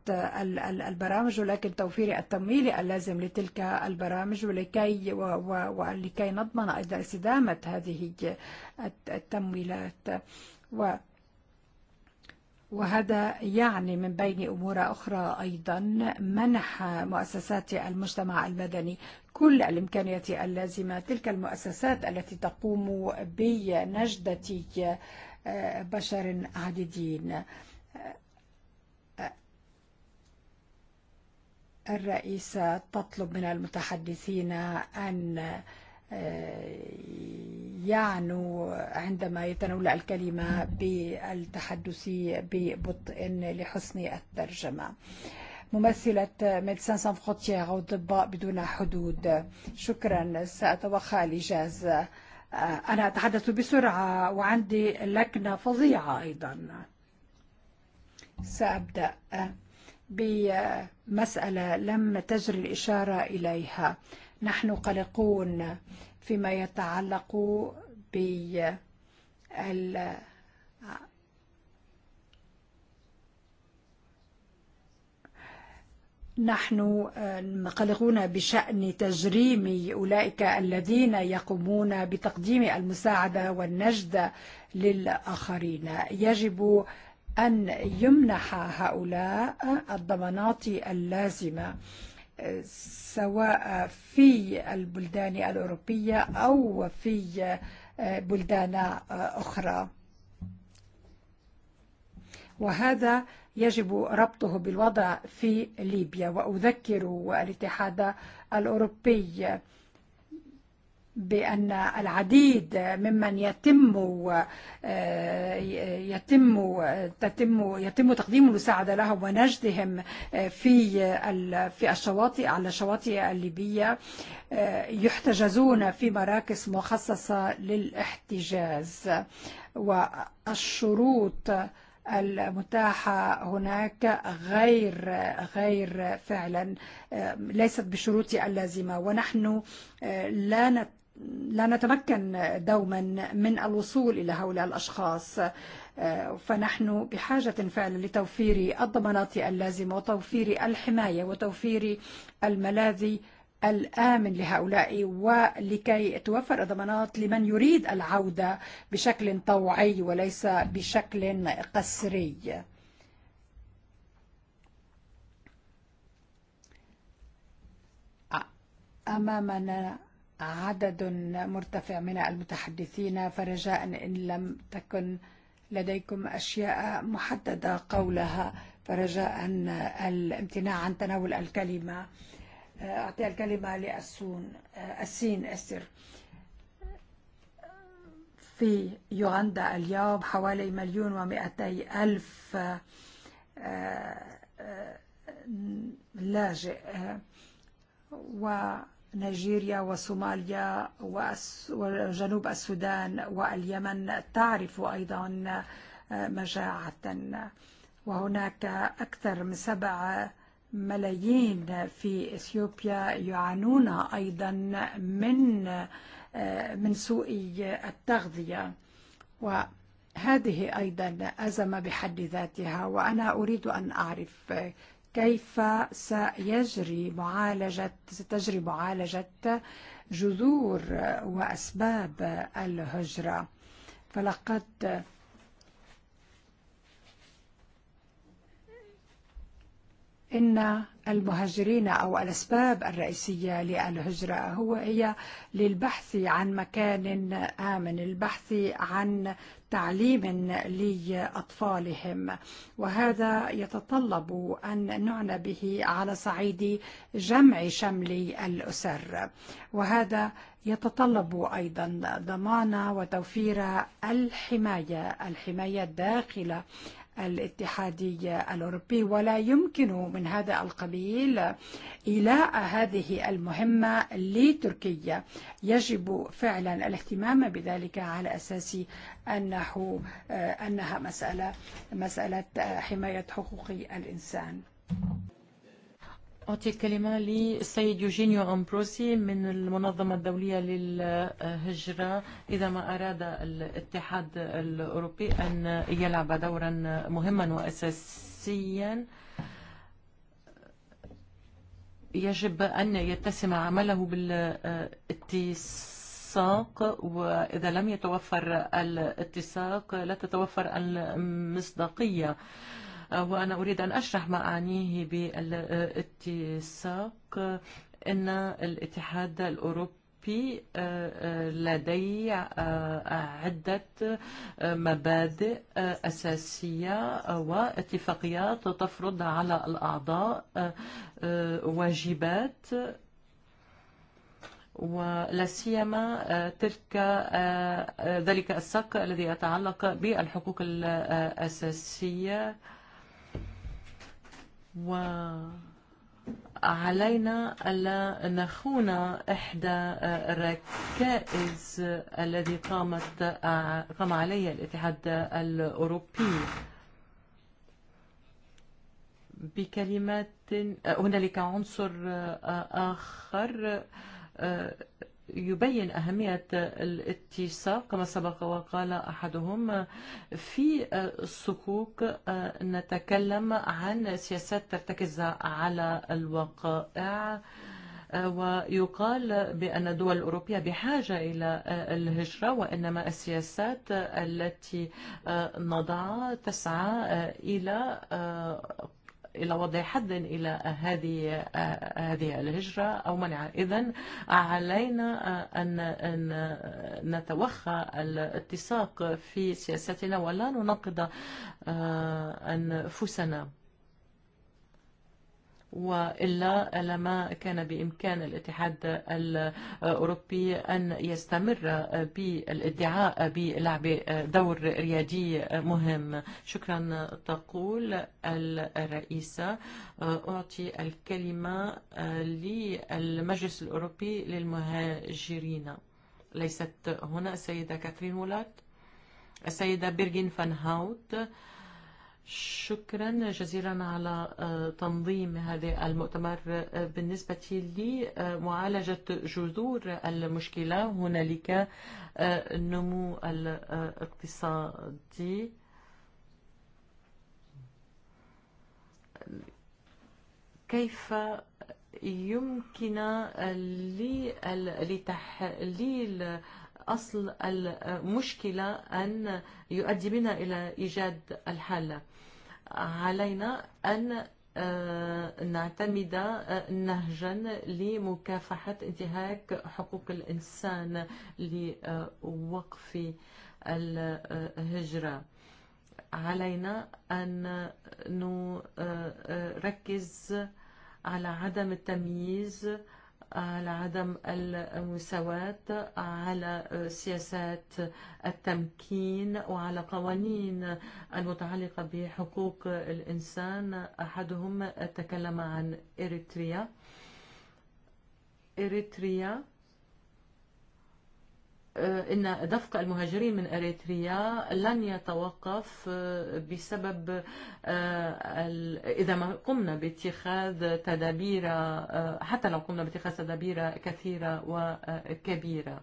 البرامج ولكن توفير التمويل اللازم لتلك البرامج ولكي ولكي نضمن ايضا استدامه هذه التمويلات و وهذا يعني من بين أمور أخرى أيضا منح مؤسسات المجتمع المدني كل الإمكانيات اللازمة تلك المؤسسات التي تقوم بنجدة بشر عديدين الرئيسة تطلب من المتحدثين أن يعنوا عندما يتناول الكلمة بالتحدث ببطء لحسن الترجمة ممثلة ميدسان سان فروتيير أو أطباء بدون حدود شكرا سأتوخى الإجاز أنا أتحدث بسرعة وعندي لكنة فظيعة أيضا سأبدأ بمسألة لم تجر الإشارة إليها نحن قلقون فيما يتعلق بال نحن قلقون بشأن تجريم أولئك الذين يقومون بتقديم المساعدة والنجدة للآخرين يجب أن أن يمنح هؤلاء الضمانات اللازمة سواء في البلدان الأوروبية أو في بلدان أخرى وهذا يجب ربطه بالوضع في ليبيا وأذكر الاتحاد الأوروبي بأن العديد ممن يتم يتم تتم يتم تقديم المساعدة لهم ونجدهم في في الشواطئ على الشواطئ الليبية يحتجزون في مراكز مخصصة للاحتجاز والشروط المتاحة هناك غير غير فعلا ليست بشروط اللازمة ونحن لا نت لا نتمكن دوما من الوصول إلى هؤلاء الأشخاص فنحن بحاجة فعلا لتوفير الضمانات اللازمة وتوفير الحماية وتوفير الملاذ الآمن لهؤلاء ولكي توفر الضمانات لمن يريد العودة بشكل طوعي وليس بشكل قسري أمامنا عدد مرتفع من المتحدثين فرجاء إن لم تكن لديكم أشياء محددة قولها فرجاء الامتناع عن تناول الكلمة أعطي الكلمة لأسون السين أسر في يوغندا اليوم حوالي مليون ومئتي ألف لاجئ و نيجيريا وصوماليا وجنوب السودان واليمن تعرف أيضا مجاعة وهناك أكثر من سبعة ملايين في إثيوبيا يعانون أيضا من من سوء التغذية وهذه أيضا أزمة بحد ذاتها وأنا أريد أن أعرف كيف سيجري معالجة ستجري معالجة جذور وأسباب الهجرة فلقد إن المهاجرين أو الأسباب الرئيسية للهجرة هو هي للبحث عن مكان آمن البحث عن تعليم لأطفالهم وهذا يتطلب أن نعنى به على صعيد جمع شمل الأسر وهذا يتطلب أيضا ضمان وتوفير الحماية الحماية الداخلة الاتحادي الأوروبي ولا يمكن من هذا القبيل إلى هذه المهمة لتركيا يجب فعلا الاهتمام بذلك على أساس أنه أنها مسألة مسألة حماية حقوق الإنسان أعطي كلمة للسيد يوجينيو أمبروسي من المنظمة الدولية للهجرة إذا ما أراد الاتحاد الأوروبي أن يلعب دورا مهما وأساسيا يجب أن يتسم عمله بالاتساق وإذا لم يتوفر الاتساق لا تتوفر المصداقية وأنا أريد أن أشرح معانيه بالاتساق أن الاتحاد الأوروبي في لدي عدة مبادئ أساسية واتفاقيات تفرض على الأعضاء واجبات ولا سيما تلك ذلك السق الذي يتعلق بالحقوق الأساسية وعلينا ألا نخون إحدى الركائز الذي قامت قام عليه الاتحاد الأوروبي بكلمات هنالك عنصر آخر يبين أهمية الاتساق كما سبق وقال أحدهم في السكوك نتكلم عن سياسات ترتكز على الوقائع ويقال بأن الدول الأوروبية بحاجة إلى الهجرة وإنما السياسات التي نضعها تسعى إلى إلى وضع حد إلى هذه هذه الهجرة أو منع إذن علينا أن نتوخى الاتساق في سياستنا ولا ننقض أنفسنا وإلا لما كان بإمكان الاتحاد الأوروبي أن يستمر بالادعاء بلعب دور ريادي مهم شكرا تقول الرئيسة أعطي الكلمة للمجلس الأوروبي للمهاجرين ليست هنا السيدة كاترين مولات السيدة بيرجين فان هاوت شكرا جزيلا على تنظيم هذا المؤتمر بالنسبة لي معالجة جذور المشكلة هنالك النمو الاقتصادي كيف يمكن لتحليل أصل المشكلة أن يؤدي بنا إلى إيجاد الحل علينا أن نعتمد نهجا لمكافحة انتهاك حقوق الإنسان لوقف الهجرة علينا أن نركز على عدم التمييز على عدم المساواة على سياسات التمكين وعلى قوانين المتعلقة بحقوق الإنسان أحدهم تكلم عن إريتريا إريتريا Eh, إن دفق المهاجرين من أريتريا لن يتوقف eh, بسبب eh, إذا ما قمنا باتخاذ تدابير حتى لو قمنا باتخاذ تدابير كثيرة وكبيرة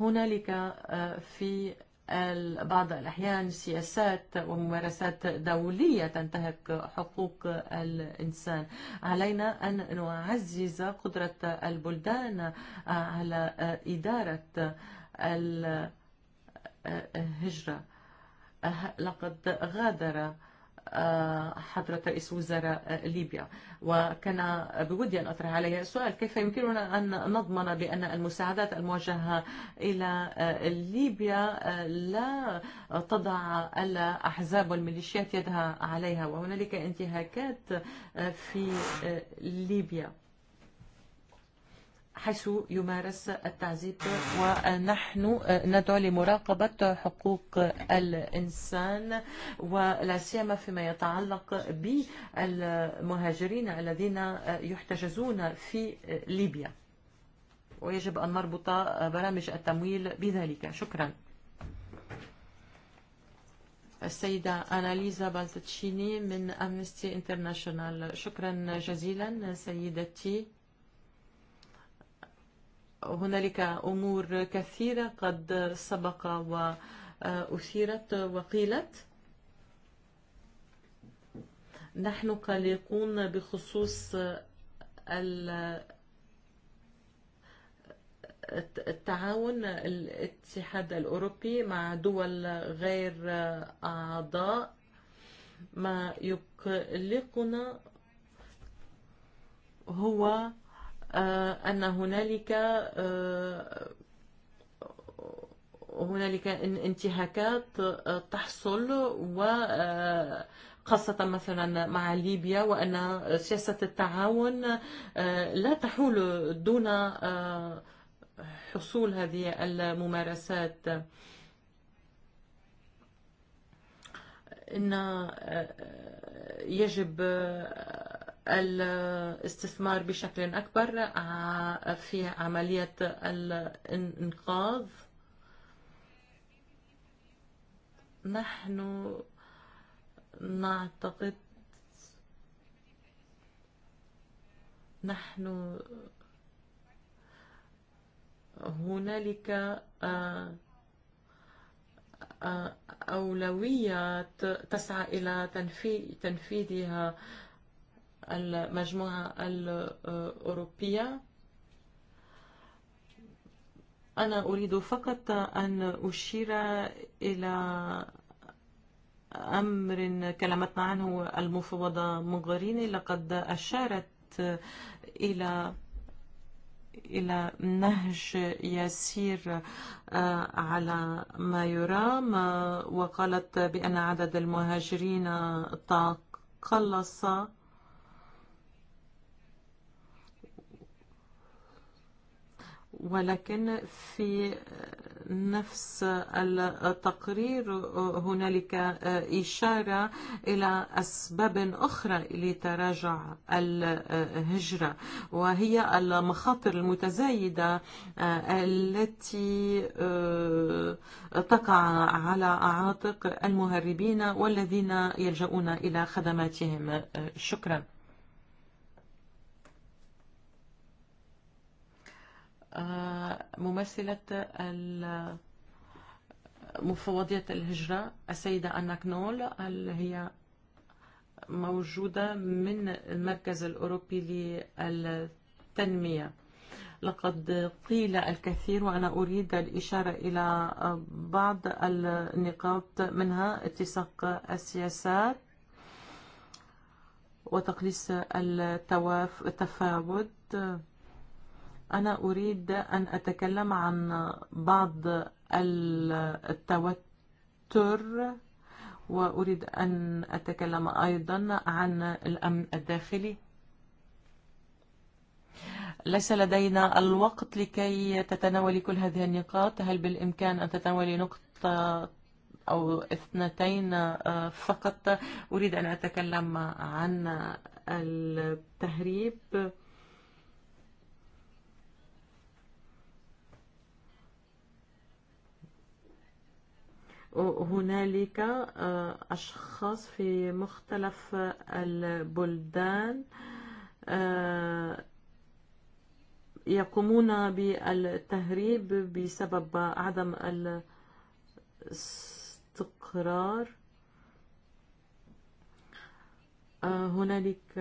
هنالك في بعض الأحيان سياسات وممارسات دولية تنتهك حقوق الإنسان علينا أن نعزز قدرة البلدان على إدارة الهجرة لقد غادر حضرة رئيس وزراء ليبيا وكان بودي أن أطرح عليها سؤال كيف يمكننا أن نضمن بأن المساعدات الموجهة إلى ليبيا لا تضع الأحزاب والميليشيات يدها عليها وهنالك انتهاكات في ليبيا حيث يمارس التعذيب ونحن ندعو لمراقبة حقوق الإنسان ولا سيما فيما يتعلق بالمهاجرين الذين يحتجزون في ليبيا ويجب أن نربط برامج التمويل بذلك شكرا السيدة أناليزا بالتشيني من أمنستي انترناشونال شكرا جزيلا سيدتي هنالك أمور كثيرة قد سبق وأثيرت وقيلت نحن قلقون بخصوص التعاون الاتحاد الأوروبي مع دول غير أعضاء ما يقلقنا هو أن هنالك هنالك انتهاكات تحصل و خاصة مثلا مع ليبيا وأن سياسة التعاون لا تحول دون حصول هذه الممارسات إن يجب الاستثمار بشكل أكبر في عملية الإنقاذ نحن نعتقد نحن هنالك أولويات تسعى إلى تنفيذها المجموعة الأوروبية أنا أريد فقط أن أشير إلى أمر كلمتنا عنه المفوضة مغريني لقد أشارت إلى إلى نهج يسير على ما يرام وقالت بأن عدد المهاجرين تقلص ولكن في نفس التقرير هنالك إشارة إلى أسباب أخرى لتراجع الهجرة وهي المخاطر المتزايدة التي تقع على أعاتق المهربين والذين يلجؤون إلى خدماتهم شكرا ممثلة مفوضية الهجرة السيدة أنا كنول اللي هي موجودة من المركز الأوروبي للتنمية لقد قيل الكثير وأنا أريد الإشارة إلى بعض النقاط منها اتساق السياسات وتقليص التفاوض أنا أريد أن أتكلم عن بعض التوتر وأريد أن أتكلم أيضا عن الأمن الداخلي ليس لدينا الوقت لكي تتناول كل هذه النقاط هل بالإمكان أن تتناول نقطة أو اثنتين فقط أريد أن أتكلم عن التهريب هنالك أشخاص في مختلف البلدان يقومون بالتهريب بسبب عدم الاستقرار هنالك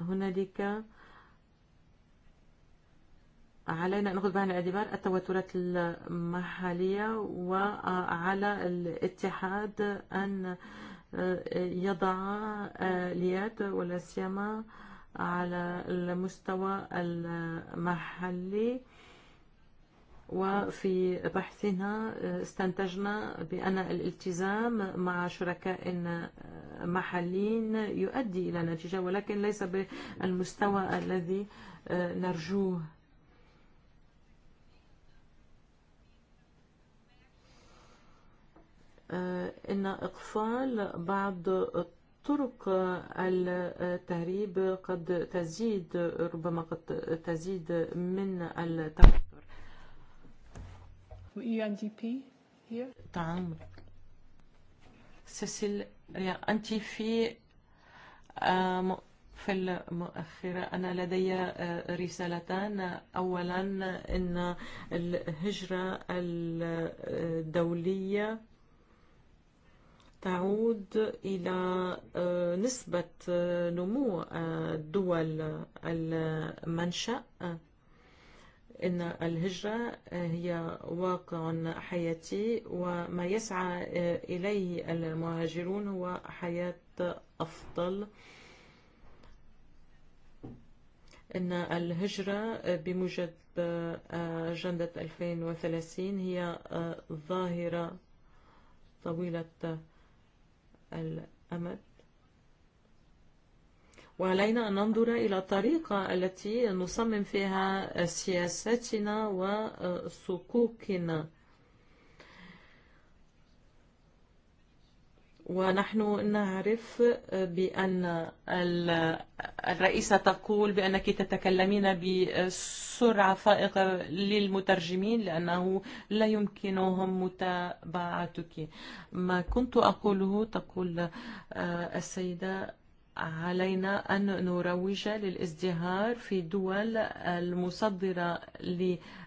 هنالك علينا أن نأخذ بعين الاعتبار التوترات المحلية وعلى الاتحاد أن يضع آليات ولا سيما على المستوى المحلي وفي بحثنا استنتجنا بأن الالتزام مع شركاء محليين يؤدي إلى نتيجة ولكن ليس بالمستوى الذي نرجوه أن إقفال بعض طرق التهريب قد تزيد ربما قد تزيد من التوتر تعامل سيسيليا أنت في في المؤخرة أنا لدي رسالتان أولا أن الهجرة الدولية تعود إلى نسبة نمو الدول المنشأ إن الهجرة هي واقع حياتي وما يسعى إليه المهاجرون هو حياة أفضل إن الهجرة بموجب أجندة 2030 هي ظاهرة طويلة الأمد وعلينا أن ننظر إلى الطريقة التي نصمم فيها سياستنا وصكوكنا ونحن نعرف بأن الرئيسة تقول بأنك تتكلمين بسرعة فائقة للمترجمين لأنه لا يمكنهم متابعتك ما كنت أقوله تقول السيدة علينا أن نروج للازدهار في دول المصدرة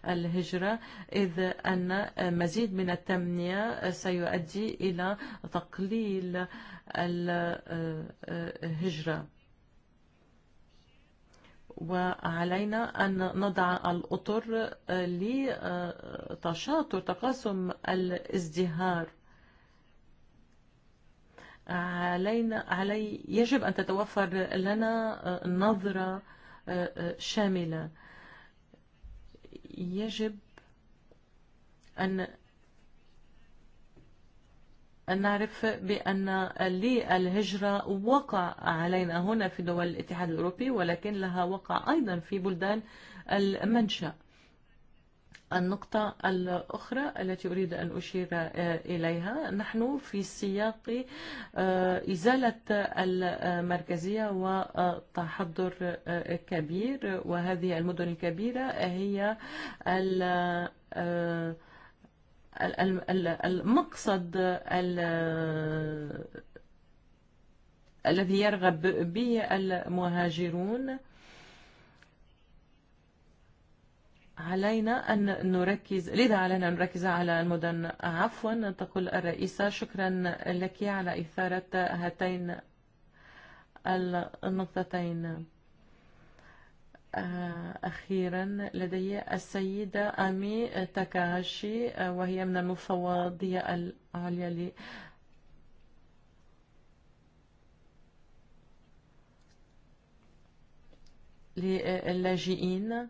للهجرة إذ أن مزيد من التمنية سيؤدي إلى تقليل الهجرة وعلينا أن نضع الأطر لتشاطر تقاسم الازدهار علينا علي يجب أن تتوفر لنا نظرة شاملة يجب أن أن نعرف بأن للهجرة وقع علينا هنا في دول الاتحاد الأوروبي ولكن لها وقع أيضا في بلدان المنشأ النقطة الأخرى التي أريد أن أشير إليها نحن في سياق إزالة المركزية وتحضر كبير وهذه المدن الكبيرة هي المقصد الذي يرغب به المهاجرون علينا أن نركز لذا علينا أن نركز على المدن عفوا تقول الرئيسة شكرا لك على إثارة هاتين النقطتين أخيرا لدي السيدة أمي تاكاهاشي وهي من المفوضية العليا لي للاجئين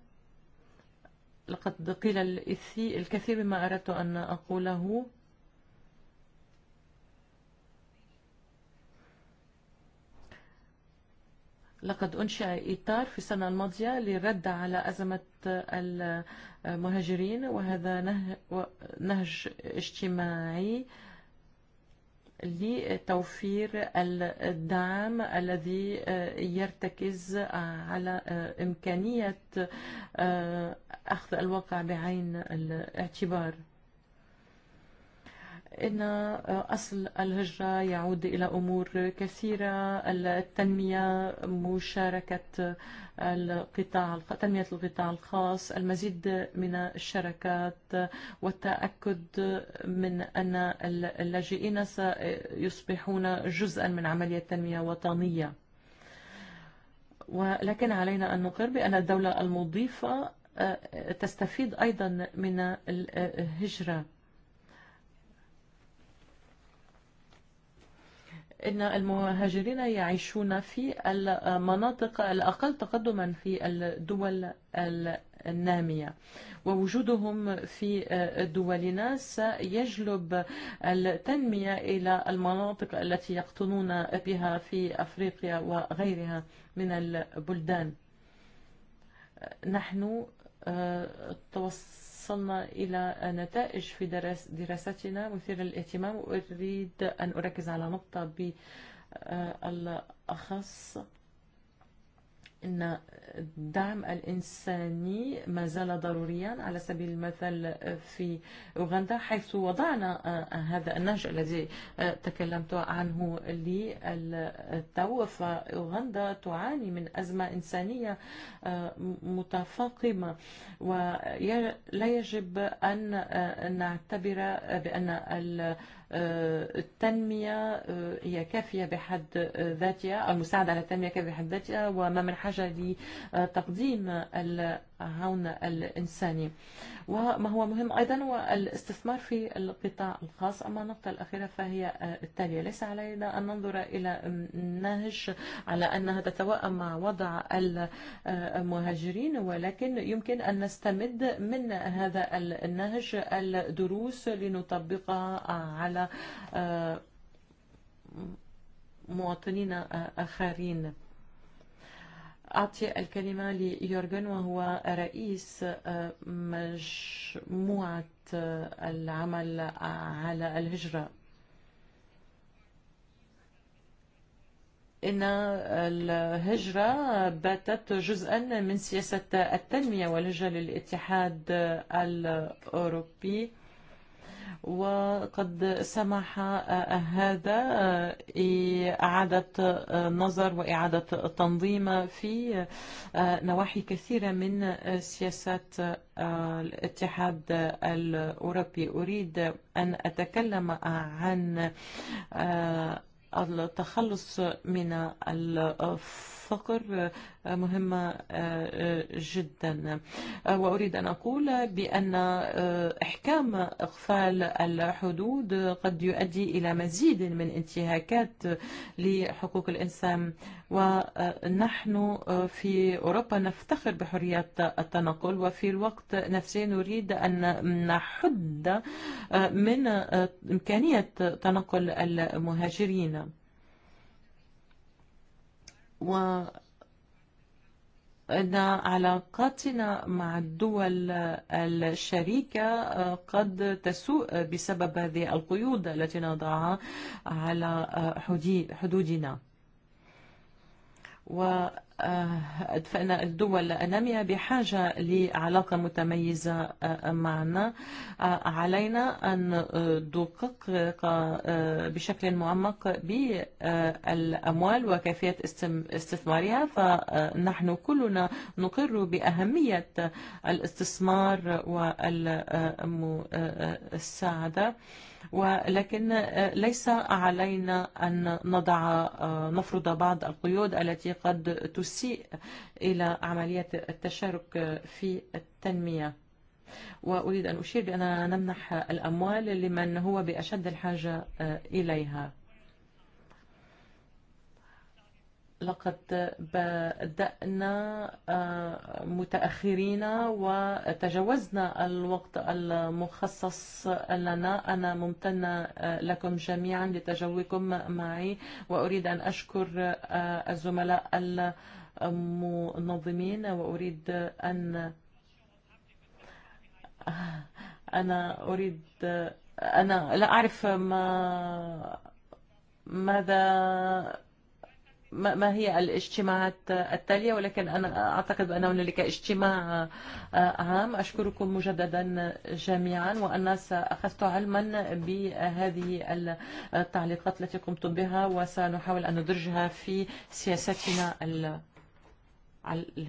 لقد قيل الكثير مما أردت أن أقوله لقد أنشأ إطار في السنة الماضية للرد على أزمة المهاجرين وهذا نهج اجتماعي لتوفير الدعم الذي يرتكز على إمكانية أخذ الواقع بعين الاعتبار إن أصل الهجرة يعود إلى أمور كثيرة التنمية مشاركة القطاع تنمية القطاع الخاص المزيد من الشركات والتأكد من أن اللاجئين سيصبحون جزءا من عملية تنمية وطنية ولكن علينا أن نقر بأن الدولة المضيفة تستفيد أيضا من الهجرة إن المهاجرين يعيشون في المناطق الأقل تقدما في الدول النامية ووجودهم في دولنا سيجلب التنمية إلى المناطق التي يقطنون بها في أفريقيا وغيرها من البلدان نحن توصل sanna ila nata ix fi dirasatina mufir l-ihtimam u rrid an urakiz ala nokta bi eh, al-axas أن الدعم الإنساني ما زال ضروريا على سبيل المثل في أوغندا حيث وضعنا هذا النهج الذي تكلمت عنه للتو فأوغندا تعاني من أزمة إنسانية متفاقمة ولا يجب أن نعتبر بأن التنمية هي كافية بحد ذاتها المساعدة على التنمية كافية بحد ذاتها وما من حاجة لتقديم هون الإنساني وما هو مهم أيضا هو الاستثمار في القطاع الخاص أما النقطة الأخيرة فهي التالية ليس علينا أن ننظر إلى النهج على أنها تتوائم مع وضع المهاجرين ولكن يمكن أن نستمد من هذا النهج الدروس لنطبقها على مواطنين آخرين أعطي الكلمة ليورغن وهو رئيس مجموعة العمل على الهجرة إن الهجرة باتت جزءا من سياسة التنمية والهجرة للاتحاد الأوروبي وقد سمح هذا إعادة نظر وإعادة تنظيم في نواحي كثيرة من سياسات الاتحاد الأوروبي أريد أن أتكلم عن التخلص من الفقر الفقر مهمة جدا وأريد أن أقول بأن إحكام إقفال الحدود قد يؤدي إلى مزيد من انتهاكات لحقوق الإنسان ونحن في أوروبا نفتخر بحرية التنقل وفي الوقت نفسه نريد أن نحد من إمكانية تنقل المهاجرين أن علاقاتنا مع الدول الشريكة قد تسوء بسبب هذه القيود التي نضعها على حدودنا فإن الدول النامية بحاجة لعلاقة متميزة معنا علينا أن ندقق بشكل معمق بالأموال وكيفية استثمارها فنحن كلنا نقر بأهمية الاستثمار والمساعدة ولكن ليس علينا أن نضع نفرض بعض القيود التي قد تسيء إلى عملية التشارك في التنمية وأريد أن أشير بأننا نمنح الأموال لمن هو بأشد الحاجة إليها لقد بدأنا متأخرين وتجاوزنا الوقت المخصص لنا أنا ممتنة لكم جميعا لتجاوبكم معي وأريد أن أشكر الزملاء المنظمين وأريد أن أنا أريد أنا لا أعرف ما ماذا ما هي الاجتماعات التالية ولكن أنا أعتقد بأنه هنالك اجتماع عام أشكركم مجددا جميعا والناس أخذت علما بهذه التعليقات التي قمتم بها وسنحاول أن ندرجها في سياستنا ال...